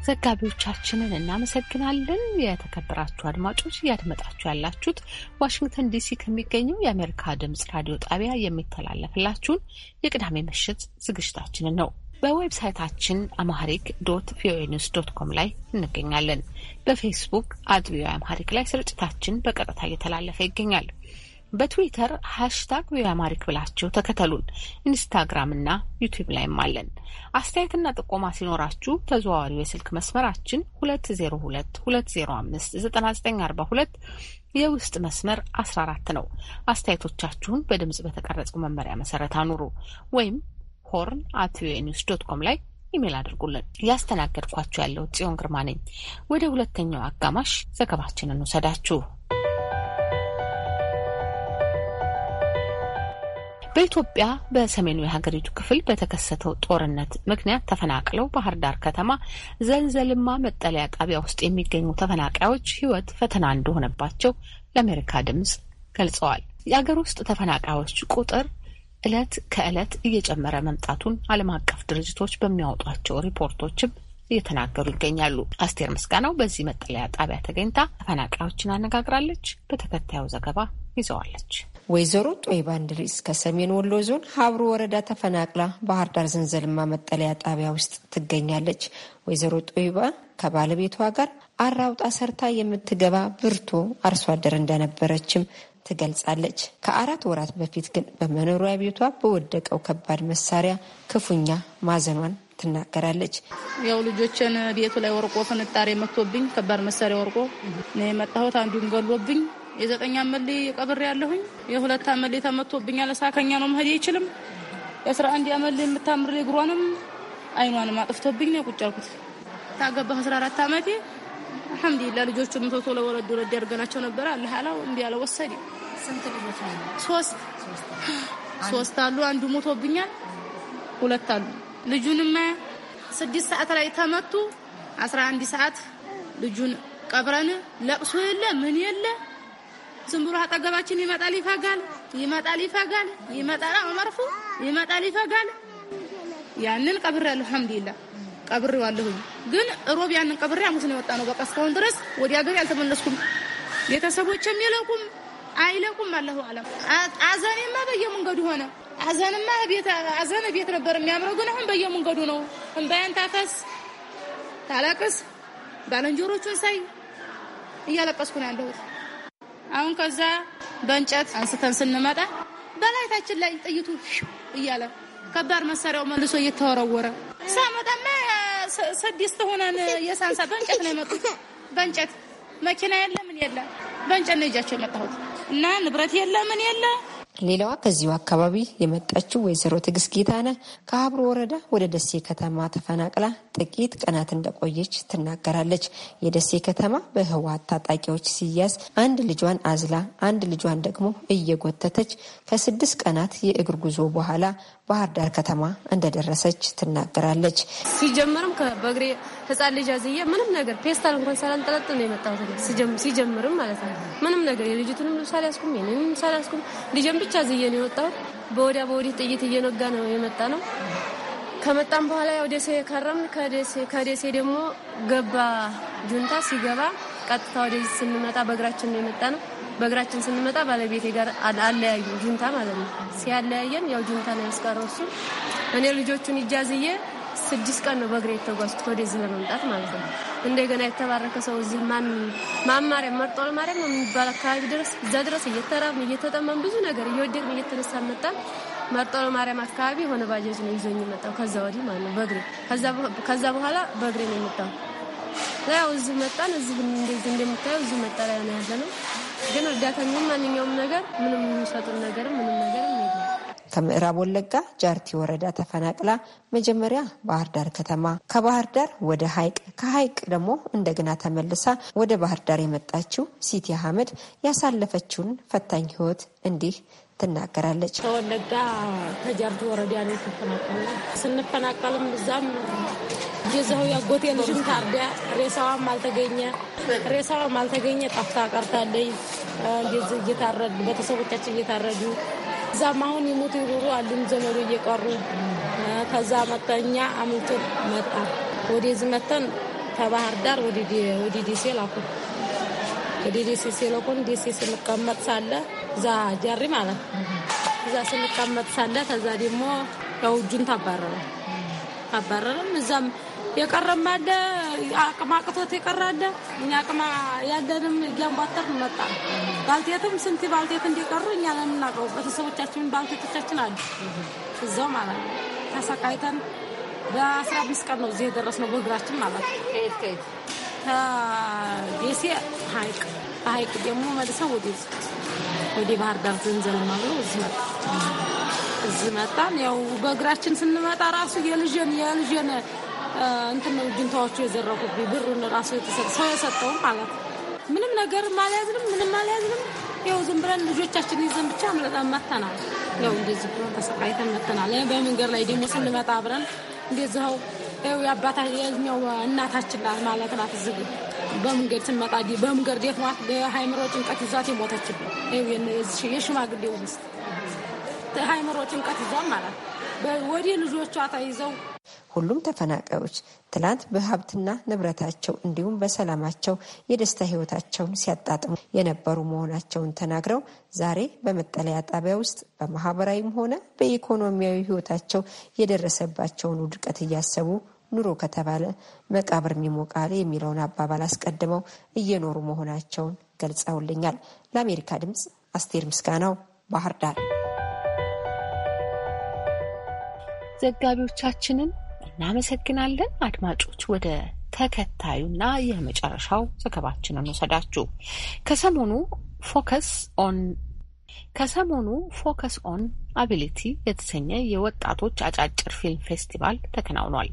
ዘጋቢዎቻችንን እናመሰግናለን። የተከበራችሁ አድማጮች እያድመጣችሁ ያላችሁት ዋሽንግተን ዲሲ ከሚገኘው የአሜሪካ ድምጽ ራዲዮ ጣቢያ የሚተላለፍላችሁን የቅዳሜ ምሽት ዝግጅታችንን ነው። በዌብሳይታችን አማሪክ ዶት ቪኦኤ ኒውስ ዶት ኮም ላይ እንገኛለን። በፌስቡክ አት ቪኦኤ አማሪክ ላይ ስርጭታችን በቀጥታ እየተላለፈ ይገኛል። በትዊተር ሃሽታግ ቪኦኤ አማሪክ ብላችሁ ተከተሉን። ኢንስታግራም ዩቲዩብ ላይም አለን። አስተያየትና ጥቆማ ሲኖራችሁ ተዘዋዋሪው የስልክ መስመራችን 2022059942 የውስጥ መስመር 14 ነው። አስተያየቶቻችሁን በድምጽ በተቀረጸው መመሪያ መሰረት አኑሩ ወይም ሆርን አት ቪኦኤ ኒውስ ዶት ኮም ላይ ኢሜል አድርጉልን። እያስተናገድኳችሁ ያለው ጽዮን ግርማ ነኝ። ወደ ሁለተኛው አጋማሽ ዘገባችንን ውሰዳችሁ። በኢትዮጵያ በሰሜኑ የሀገሪቱ ክፍል በተከሰተው ጦርነት ምክንያት ተፈናቅለው ባህር ዳር ከተማ ዘንዘልማ መጠለያ ጣቢያ ውስጥ የሚገኙ ተፈናቃዮች ሕይወት ፈተና እንደሆነባቸው ለአሜሪካ ድምጽ ገልጸዋል። የአገር ውስጥ ተፈናቃዮች ቁጥር እለት ከእለት እየጨመረ መምጣቱን ዓለም አቀፍ ድርጅቶች በሚያወጧቸው ሪፖርቶችም እየተናገሩ ይገኛሉ። አስቴር ምስጋናው በዚህ መጠለያ ጣቢያ ተገኝታ ተፈናቃዮችን አነጋግራለች። በተከታዩ ዘገባ ይዘዋለች። ወይዘሮ ጦይባ እንድሪስ ከሰሜን ወሎ ዞን ሀብሮ ወረዳ ተፈናቅላ ባህር ዳር ዘንዘልማ መጠለያ ጣቢያ ውስጥ ትገኛለች። ወይዘሮ ጦይባ ከባለቤቷ ጋር አራውጣ ሰርታ የምትገባ ብርቱ አርሶ አደር እንደነበረችም ትገልጻለች። ከአራት ወራት በፊት ግን በመኖሪያ ቤቷ በወደቀው ከባድ መሳሪያ ክፉኛ ማዘኗን ትናገራለች። ያው ልጆችን ቤቱ ላይ ወርቆ ፍንጣሬ መጥቶብኝ ከባድ መሳሪያ ወርቆ ነው የመጣሁት። አንዱን ገሎብኝ የዘጠኝ አመሌ ቀብሬ ያለሁኝ የሁለት አመሌ ተመቶብኛል። ሳከኛ ነው መሄድ አይችልም። የአስራ አንድ አመሌ የምታምር እግሯንም አይኗንም አጥፍቶብኝ ነው ቁጭ ያልኩት። ታገባሁ አስራ አራት አመቴ አልሐምዱሊላህ። ልጆቹ ምቶቶ ለወለድ ወለድ ያድርገናቸው ነበር አለ ሀላው እምቢ አለ ወሰደ። ሶስት ሶስት አሉ። አንዱ ሞቶብኛል። ሁለት አሉ። ልጁንም ስድስት ሰዓት ላይ ተመቱ። አስራ አንድ ሰዓት ልጁን ቀብረን ለቅሶ የለ ምን የለ ዝም ብሎ አጠገባችን ይመጣል፣ ይፈጋል፣ ይመጣል፣ ይፈጋል፣ ይመጣል፣ አመርፉ ይመጣል፣ ይፈጋል። ያንን ቀብሬ ያለሁ አልሐምዱሊላህ ቀብሬዋለሁኝ። ግን ሮብ ያንን ቀብሬ ሐሙስ ነው የወጣ ነው። በቃ እስካሁን ድረስ ወደ ሀገር አልተመለስኩም። ቤተሰቦችም ይለቁም አይለቁም አለሁ አለም። አዘኔማ በየመንገዱ ሆነ። አዘንማ ቤት አዘን ቤት ነበር የሚያምረው፣ ግን አሁን በየመንገዱ ነው። እንባያን ታፈስ ታለቅስ ባለንጀሮቹን ሳይ እያለቀስኩ ነው ያለሁት። አሁን ከዛ በእንጨት አንስተን ስንመጣ በላይታችን ላይ ጥይቱ እያለ ከባድ መሳሪያው መልሶ እየተወረወረ ሳመጣማ ስድስት ሆነን የሳንሳ በእንጨት ነው የመጡት። በእንጨት መኪና የለ ምን የለ፣ በእንጨት ነው እጃቸው የመጣሁት እና ንብረት የለ ምን የለ ሌላዋ ከዚሁ አካባቢ የመጣችው ወይዘሮ ትዕግስት ጌታነ ከሀብሮ ወረዳ ወደ ደሴ ከተማ ተፈናቅላ ጥቂት ቀናት እንደቆየች ትናገራለች። የደሴ ከተማ በህወሓት ታጣቂዎች ሲያዝ አንድ ልጇን አዝላ አንድ ልጇን ደግሞ እየጎተተች ከስድስት ቀናት የእግር ጉዞ በኋላ ባህር ዳር ከተማ እንደደረሰች ትናገራለች። ሲጀምርም በእግሬ ህፃን ልጅ አዝዬ ምንም ነገር ፔስታል እንኳን ሳላንጠለጥል ነው የመጣሁት። ሲጀምርም ማለት ነው ምንም ነገር የልጅቱንም ልብስ አልያዝኩም፣ የኔንም አልያዝኩም። ልጄን ብቻ አዝዬ ነው የወጣሁት። በወዲያ በወዲህ ጥይት እየነጋ ነው የመጣ ነው። ከመጣም በኋላ ያው ደሴ ከረምን። ከደሴ ደግሞ ገባ ጁንታ። ሲገባ ቀጥታ ወደዚህ ስንመጣ በእግራችን ነው የመጣ ነው በእግራችን ስንመጣ ባለቤቴ ጋር አለያዩ ጁንታ ማለት ነው። ሲያለያየን ያው ጁንታ ነው ያስቀረው እሱ። እኔ ልጆቹን ይጃዝዬ ስድስት ቀን ነው በእግሬ የተጓዝኩት ወደዚህ ለመምጣት ማለት ነው። እንደገና የተባረከ ሰው እዚህ ማን ማማርያም መርጧል ማርያም የሚባል አካባቢ ድረስ እዛ ድረስ እየተራብን እየተጠማን ብዙ ነገር እየወደቅን እየተነሳ መጣን። መርጦል ማርያም አካባቢ የሆነ ባጃጅ ነው ይዞኝ መጣው። ከዛ ወዲህ ማለት ነው በእግሬ ከዛ በኋላ በእግሬ ነው የመጣው። ያው እዚህ መጣን። እዚህ እንደዚህ እንደምታየው እዚህ መጠለያ ነው ያለ ነው። ግን እርዳታኝም ማንኛውም ነገር ምንም የሚሰጡን ነገር ምንም ነገር ከምዕራብ ወለጋ ጃርቲ ወረዳ ተፈናቅላ መጀመሪያ ባህር ዳር ከተማ ከባህር ዳር ወደ ሀይቅ ከሀይቅ ደግሞ እንደገና ተመልሳ ወደ ባህር ዳር የመጣችው ሲቲ አህመድ ያሳለፈችውን ፈታኝ ህይወት እንዲህ ትናገራለች። ከወለጋ ከጃርቱ ወረዳ ነው የተፈናቀሉ። ስንፈናቀልም እዛም የዛው ያጎቴ ልጅም ታርዲያ ሬሳዋም አልተገኘ ሬሳዋም አልተገኘ ጠፍታ ቀርታለኝ። እየታረዱ ቤተሰቦቻችን እየታረዱ እዛም አሁን ይሙት ይኑሩ አሉም ዘመዱ እየቀሩ ከዛ መጠኛ አምልቶ መጣ ወደዚህ መተን ከባህር ዳር ወደ ደሴ ላኩ። ዲዲሲሲ ለኮን ዲሲሲ ስንቀመጥ ሳለ እዛ ጀሪ ማለት ነው። እዛ ስንቀመጥ ሳለ ከዛ ደግሞ ያው እጁን ታባረረ ታባረረም እዛም የቀረማለ አለ አቅም አቅቶት የቀራለ እኛ አቅማ ያለንም እያንቧጠር መጣ። ባልቴትም ስንት ባልቴት እንዲቀሩ እኛ ለምናውቀው ቤተሰቦቻችን ባልቴቶቻችን አሉ እዛው ማለት ነው። ተሰቃይተን በአስራ አምስት ቀን ነው እዚህ የደረስነው በእግራችን ማለት ነው። ከደሴ ሀይቅ በሀይቅ ደግሞ መልሰን ወደ ወደ ባህር ዳር ዘንዘለማ ብሎ እዚህ መጣ እዚህ መጣን። ያው በእግራችን ስንመጣ ራሱ የልጅን የልጅን እንትን ነው ጅንታዎቹ የዘረቁብኝ ብሩን ራሱ ሰው የሰጠውም ማለት ምንም ነገር አልያዝንም፣ ምንም አልያዝንም። ያው ዝም ብለን ልጆቻችን ይዘን ብቻ አምለጠን መተናል። ያው እንደዚህ ብለን ተሰቃይተን መተናል። በመንገድ ላይ ደግሞ ስንመጣ አብረን እንደዚው ይኸው የአባታ የኛው እናታችን ናት ማለት ናት። እዚህ በመንገድ ስንመጣ በመንገድ ደክሟት ሃይምሮ ጭንቀት ይዟት የሞተችብን የሽማግሌው ሚስት ሃይምሮ ጭንቀት ይዟት ማለት ወዲህ ልጆቿ ተይዘው ሁሉም ተፈናቃዮች ትላንት በሀብትና ንብረታቸው እንዲሁም በሰላማቸው የደስታ ህይወታቸውን ሲያጣጥሙ የነበሩ መሆናቸውን ተናግረው ዛሬ በመጠለያ ጣቢያ ውስጥ በማህበራዊም ሆነ በኢኮኖሚያዊ ህይወታቸው የደረሰባቸውን ውድቀት እያሰቡ ኑሮ ከተባለ መቃብር ይሞቃል የሚለውን አባባል አስቀድመው እየኖሩ መሆናቸውን ገልጸውልኛል። ለአሜሪካ ድምፅ አስቴር ምስጋናው ባህር ዳር። ዘጋቢዎቻችንን እናመሰግናለን። አድማጮች ወደ ተከታዩና የመጨረሻው ዘገባችንን ወሰዳችሁ ከሰሞኑ ፎከስ ኦን ከሰሞኑ ፎከስ ኦን አቢሊቲ የተሰኘ የወጣቶች አጫጭር ፊልም ፌስቲቫል ተከናውኗል።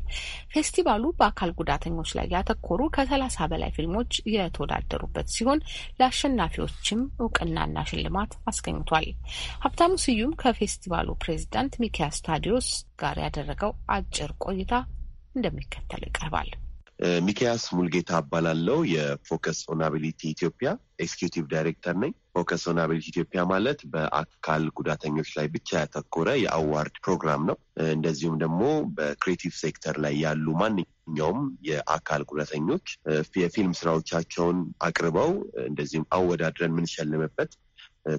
ፌስቲቫሉ በአካል ጉዳተኞች ላይ ያተኮሩ ከሰላሳ በላይ ፊልሞች የተወዳደሩበት ሲሆን ለአሸናፊዎችም እውቅናና ሽልማት አስገኝቷል። ሀብታሙ ስዩም ከፌስቲቫሉ ፕሬዚዳንት ሚኪያ ስታዲዮስ ጋር ያደረገው አጭር ቆይታ እንደሚከተል ይቀርባል። ሚኪያስ ሙልጌታ አባላለው የፎከስ ኦን ኢትዮጵያ ኤክስኪዩቲቭ ዳይሬክተር ነኝ። ፎከስ ኦን ኢትዮጵያ ማለት በአካል ጉዳተኞች ላይ ብቻ ያተኮረ የአዋርድ ፕሮግራም ነው። እንደዚሁም ደግሞ በክሬቲቭ ሴክተር ላይ ያሉ ማንኛውም የአካል ጉዳተኞች የፊልም ስራዎቻቸውን አቅርበው እንደዚሁም አወዳድረን የምንሸልምበት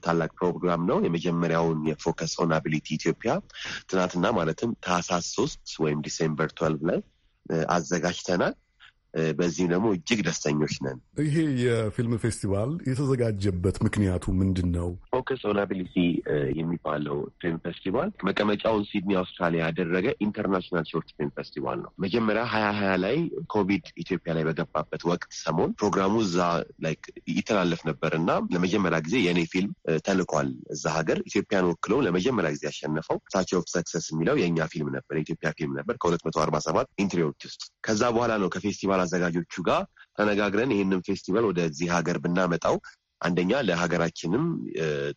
ታላቅ ፕሮግራም ነው። የመጀመሪያውን የፎከስ ኦን ኢትዮጵያ ትናንትና ማለትም ታህሳስ ሶስት ወይም ዲሴምበር ትዌልቭ ላይ አዘጋጅተናል። በዚህም ደግሞ እጅግ ደስተኞች ነን። ይሄ የፊልም ፌስቲቫል የተዘጋጀበት ምክንያቱ ምንድን ነው? ፎከስ ኦን አቢሊቲ የሚባለው ፊልም ፌስቲቫል መቀመጫውን ሲድኒ አውስትራሊያ ያደረገ ኢንተርናሽናል ሾርት ፊልም ፌስቲቫል ነው። መጀመሪያ ሀያ ሀያ ላይ ኮቪድ ኢትዮጵያ ላይ በገባበት ወቅት ሰሞን ፕሮግራሙ እዛ ላይክ ይተላለፍ ነበር እና ለመጀመሪያ ጊዜ የእኔ ፊልም ተልኳል እዛ ሀገር ኢትዮጵያን ወክለው ለመጀመሪያ ጊዜ ያሸነፈው ታች ኦፍ ሰክሰስ የሚለው የእኛ ፊልም ነበር፣ የኢትዮጵያ ፊልም ነበር ከሁለት መቶ አርባ ሰባት ኢንትሪዎች ውስጥ ከዛ በኋላ ነው ከፌስቲቫል አዘጋጆቹ ጋር ተነጋግረን ይህንን ፌስቲቫል ወደዚህ ሀገር ብናመጣው አንደኛ ለሀገራችንም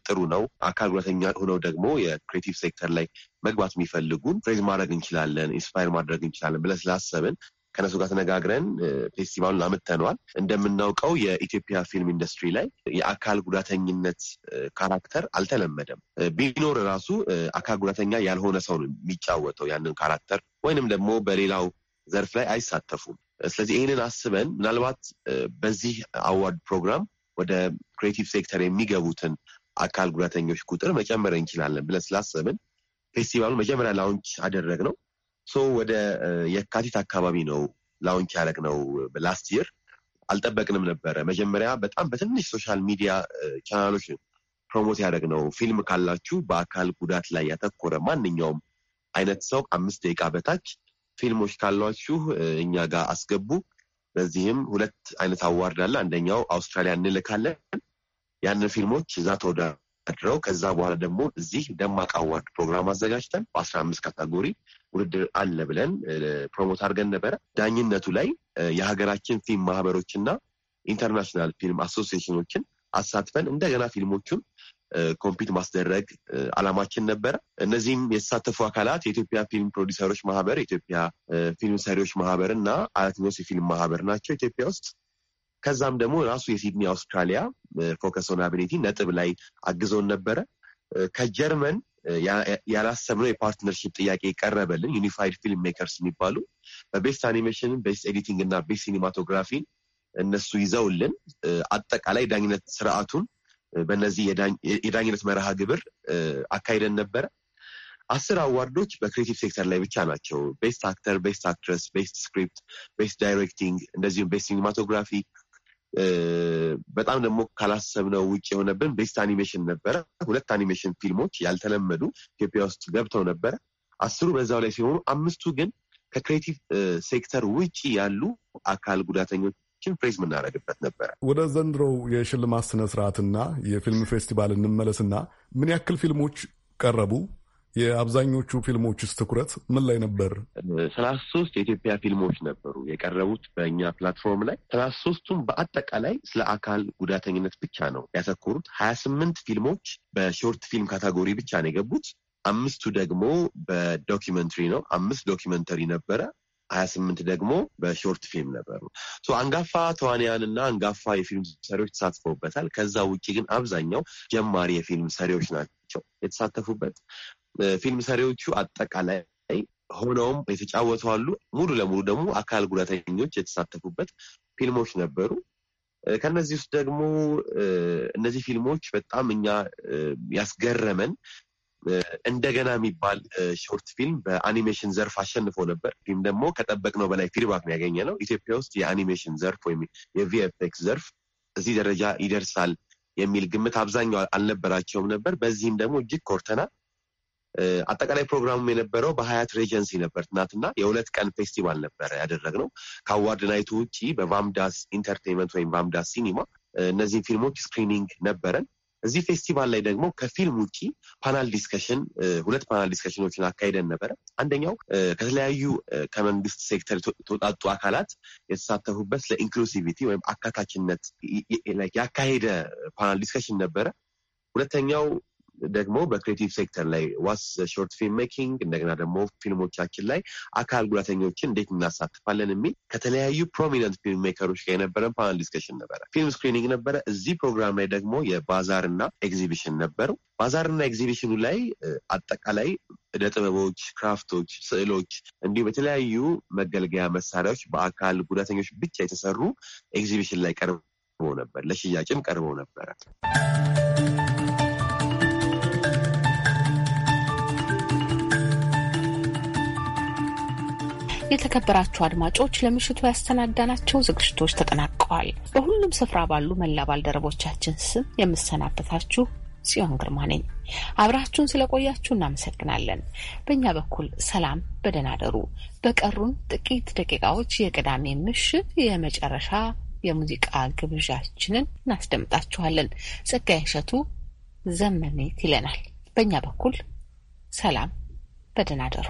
ጥሩ ነው። አካል ጉዳተኛ ሆነው ደግሞ የክሬቲቭ ሴክተር ላይ መግባት የሚፈልጉን ፍሬዝ ማድረግ እንችላለን፣ ኢንስፓየር ማድረግ እንችላለን ብለን ስላሰብን ከነሱ ጋር ተነጋግረን ፌስቲቫሉን አምጥተነዋል። እንደምናውቀው የኢትዮጵያ ፊልም ኢንዱስትሪ ላይ የአካል ጉዳተኝነት ካራክተር አልተለመደም። ቢኖር ራሱ አካል ጉዳተኛ ያልሆነ ሰው ነው የሚጫወተው ያንን ካራክተር ወይንም ደግሞ በሌላው ዘርፍ ላይ አይሳተፉም። ስለዚህ ይህንን አስበን ምናልባት በዚህ አዋርድ ፕሮግራም ወደ ክሬቲቭ ሴክተር የሚገቡትን አካል ጉዳተኞች ቁጥር መጨመር እንችላለን ብለን ስላሰብን ፌስቲቫሉ መጀመሪያ ላውንች አደረግ ነው ወደ የካቲት አካባቢ ነው ላውንች ያደረግ ነው ላስት ይር አልጠበቅንም ነበረ መጀመሪያ በጣም በትንሽ ሶሻል ሚዲያ ቻናሎች ፕሮሞት ያደረግ ነው ፊልም ካላችሁ በአካል ጉዳት ላይ ያተኮረ ማንኛውም አይነት ሰው አምስት ደቂቃ በታች ፊልሞች ካሏችሁ እኛ ጋር አስገቡ። በዚህም ሁለት አይነት አዋርድ አለ። አንደኛው አውስትራሊያ እንልካለን። ያንን ፊልሞች እዛ ተወዳድረው ከዛ በኋላ ደግሞ እዚህ ደማቅ አዋርድ ፕሮግራም አዘጋጅተን በአስራ አምስት ካታጎሪ ውድድር አለ ብለን ፕሮሞት አድርገን ነበረ። ዳኝነቱ ላይ የሀገራችን ፊልም ማህበሮችና ኢንተርናሽናል ፊልም አሶሲዬሽኖችን አሳትፈን እንደገና ፊልሞቹን ኮምፒት ማስደረግ አላማችን ነበረ። እነዚህም የተሳተፉ አካላት የኢትዮጵያ ፊልም ፕሮዲሰሮች ማህበር፣ የኢትዮጵያ ፊልም ሰሪዎች ማህበር እና አያትኞስ የፊልም ማህበር ናቸው ኢትዮጵያ ውስጥ። ከዛም ደግሞ ራሱ የሲድኒ አውስትራሊያ ፎከስ ኦን አቢሊቲ ነጥብ ላይ አግዞን ነበረ። ከጀርመን ያላሰብነው የፓርትነርሽፕ ጥያቄ ቀረበልን። ዩኒፋይድ ፊልም ሜከርስ የሚባሉ በቤስት አኒሜሽን፣ ቤስት ኤዲቲንግ እና ቤስት ሲኒማቶግራፊን እነሱ ይዘውልን አጠቃላይ ዳኝነት ስርዓቱን በእነዚህ የዳኝነት መርሃ ግብር አካሂደን ነበረ። አስር አዋርዶች በክሬቲቭ ሴክተር ላይ ብቻ ናቸው። ቤስት አክተር፣ ቤስት አክትረስ፣ ቤስት ስክሪፕት፣ ቤስት ዳይሬክቲንግ እንደዚሁም ቤስት ሲኒማቶግራፊ በጣም ደግሞ ካላሰብነው ውጭ የሆነብን ቤስት አኒሜሽን ነበረ። ሁለት አኒሜሽን ፊልሞች ያልተለመዱ ኢትዮጵያ ውስጥ ገብተው ነበረ። አስሩ በዛው ላይ ሲሆኑ አምስቱ ግን ከክሬቲቭ ሴክተር ውጭ ያሉ አካል ጉዳተኞች ፊልሞችን ፕሬዝ የምናደርግበት ነበረ። ወደ ዘንድሮው የሽልማት ስነስርዓትና የፊልም ፌስቲቫል እንመለስና ምን ያክል ፊልሞች ቀረቡ? የአብዛኞቹ ፊልሞችስ ትኩረት ምን ላይ ነበር? ሰላሳ ሶስት የኢትዮጵያ ፊልሞች ነበሩ የቀረቡት በእኛ ፕላትፎርም ላይ። ሰላሳ ሶስቱም በአጠቃላይ ስለ አካል ጉዳተኝነት ብቻ ነው ያተኮሩት። ሀያ ስምንት ፊልሞች በሾርት ፊልም ካታጎሪ ብቻ ነው የገቡት። አምስቱ ደግሞ በዶኪመንትሪ ነው። አምስት ዶኪመንተሪ ነበረ። ሀያ ስምንት ደግሞ በሾርት ፊልም ነበሩ። አንጋፋ እና አንጋፋ የፊልም ሰሪዎች ተሳትፈውበታል። ከዛ ውጭ ግን አብዛኛው ጀማሪ የፊልም ሰሪዎች ናቸው የተሳተፉበት። ፊልም ሰሪዎቹ አጠቃላይ ሆነውም የተጫወቱ አሉ። ሙሉ ለሙሉ ደግሞ አካል ጉዳተኞች የተሳተፉበት ፊልሞች ነበሩ። ከነዚህ ውስጥ ደግሞ እነዚህ ፊልሞች በጣም እኛ ያስገረመን እንደገና የሚባል ሾርት ፊልም በአኒሜሽን ዘርፍ አሸንፎ ነበር። ፊልም ደግሞ ከጠበቅነው በላይ ፊድባክ ያገኘ ነው። ኢትዮጵያ ውስጥ የአኒሜሽን ዘርፍ ወይም የቪኤፍኤክስ ዘርፍ እዚህ ደረጃ ይደርሳል የሚል ግምት አብዛኛው አልነበራቸውም ነበር። በዚህም ደግሞ እጅግ ኮርተና። አጠቃላይ ፕሮግራሙም የነበረው በሀያት ሬጀንሲ ነበር። ትናንትና የሁለት ቀን ፌስቲቫል ነበረ ያደረግነው ከአዋርድ ናይቱ ውጭ በቫምዳስ ኢንተርቴንመንት ወይም ቫምዳስ ሲኒማ እነዚህን ፊልሞች ስክሪኒንግ ነበረን። እዚህ ፌስቲቫል ላይ ደግሞ ከፊልም ውጭ ፓናል ዲስከሽን ሁለት ፓናል ዲስከሽኖችን አካሂደን ነበረ። አንደኛው ከተለያዩ ከመንግስት ሴክተር የተውጣጡ አካላት የተሳተፉበት ለኢንክሉሲቪቲ ወይም አካታችነት ያካሄደ ፓናል ዲስከሽን ነበረ። ሁለተኛው ደግሞ በክሬቲቭ ሴክተር ላይ ዋስ ሾርት ፊልም ሜኪንግ እንደገና ደግሞ ፊልሞቻችን ላይ አካል ጉዳተኞችን እንዴት እናሳትፋለን የሚል ከተለያዩ ፕሮሚነንት ፊልም ሜከሮች ጋር የነበረን ፓናል ዲስከሽን ነበረ። ፊልም ስክሪኒንግ ነበረ። እዚህ ፕሮግራም ላይ ደግሞ የባዛርና ኤግዚቢሽን ነበሩ። ባዛርና ኤግዚቢሽኑ ላይ አጠቃላይ እደ ጥበቦች፣ ክራፍቶች፣ ስዕሎች እንዲሁም የተለያዩ መገልገያ መሳሪያዎች በአካል ጉዳተኞች ብቻ የተሰሩ ኤግዚቢሽን ላይ ቀርበው ነበር፣ ለሽያጭም ቀርበው ነበረ። የተከበራችሁ አድማጮች ለምሽቱ ያሰናዳናቸው ዝግጅቶች ተጠናቀዋል። በሁሉም ስፍራ ባሉ መላ ባልደረቦቻችን ስም የምሰናበታችሁ ጽዮን ግርማ ነኝ። አብራችሁን ስለቆያችሁ እናመሰግናለን። በእኛ በኩል ሰላም፣ በደህና አደሩ። በቀሩን ጥቂት ደቂቃዎች የቅዳሜ ምሽት የመጨረሻ የሙዚቃ ግብዣችንን እናስደምጣችኋለን። ጸጋዬ እሸቱ ዘመኔት ይለናል። በእኛ በኩል ሰላም፣ በደህና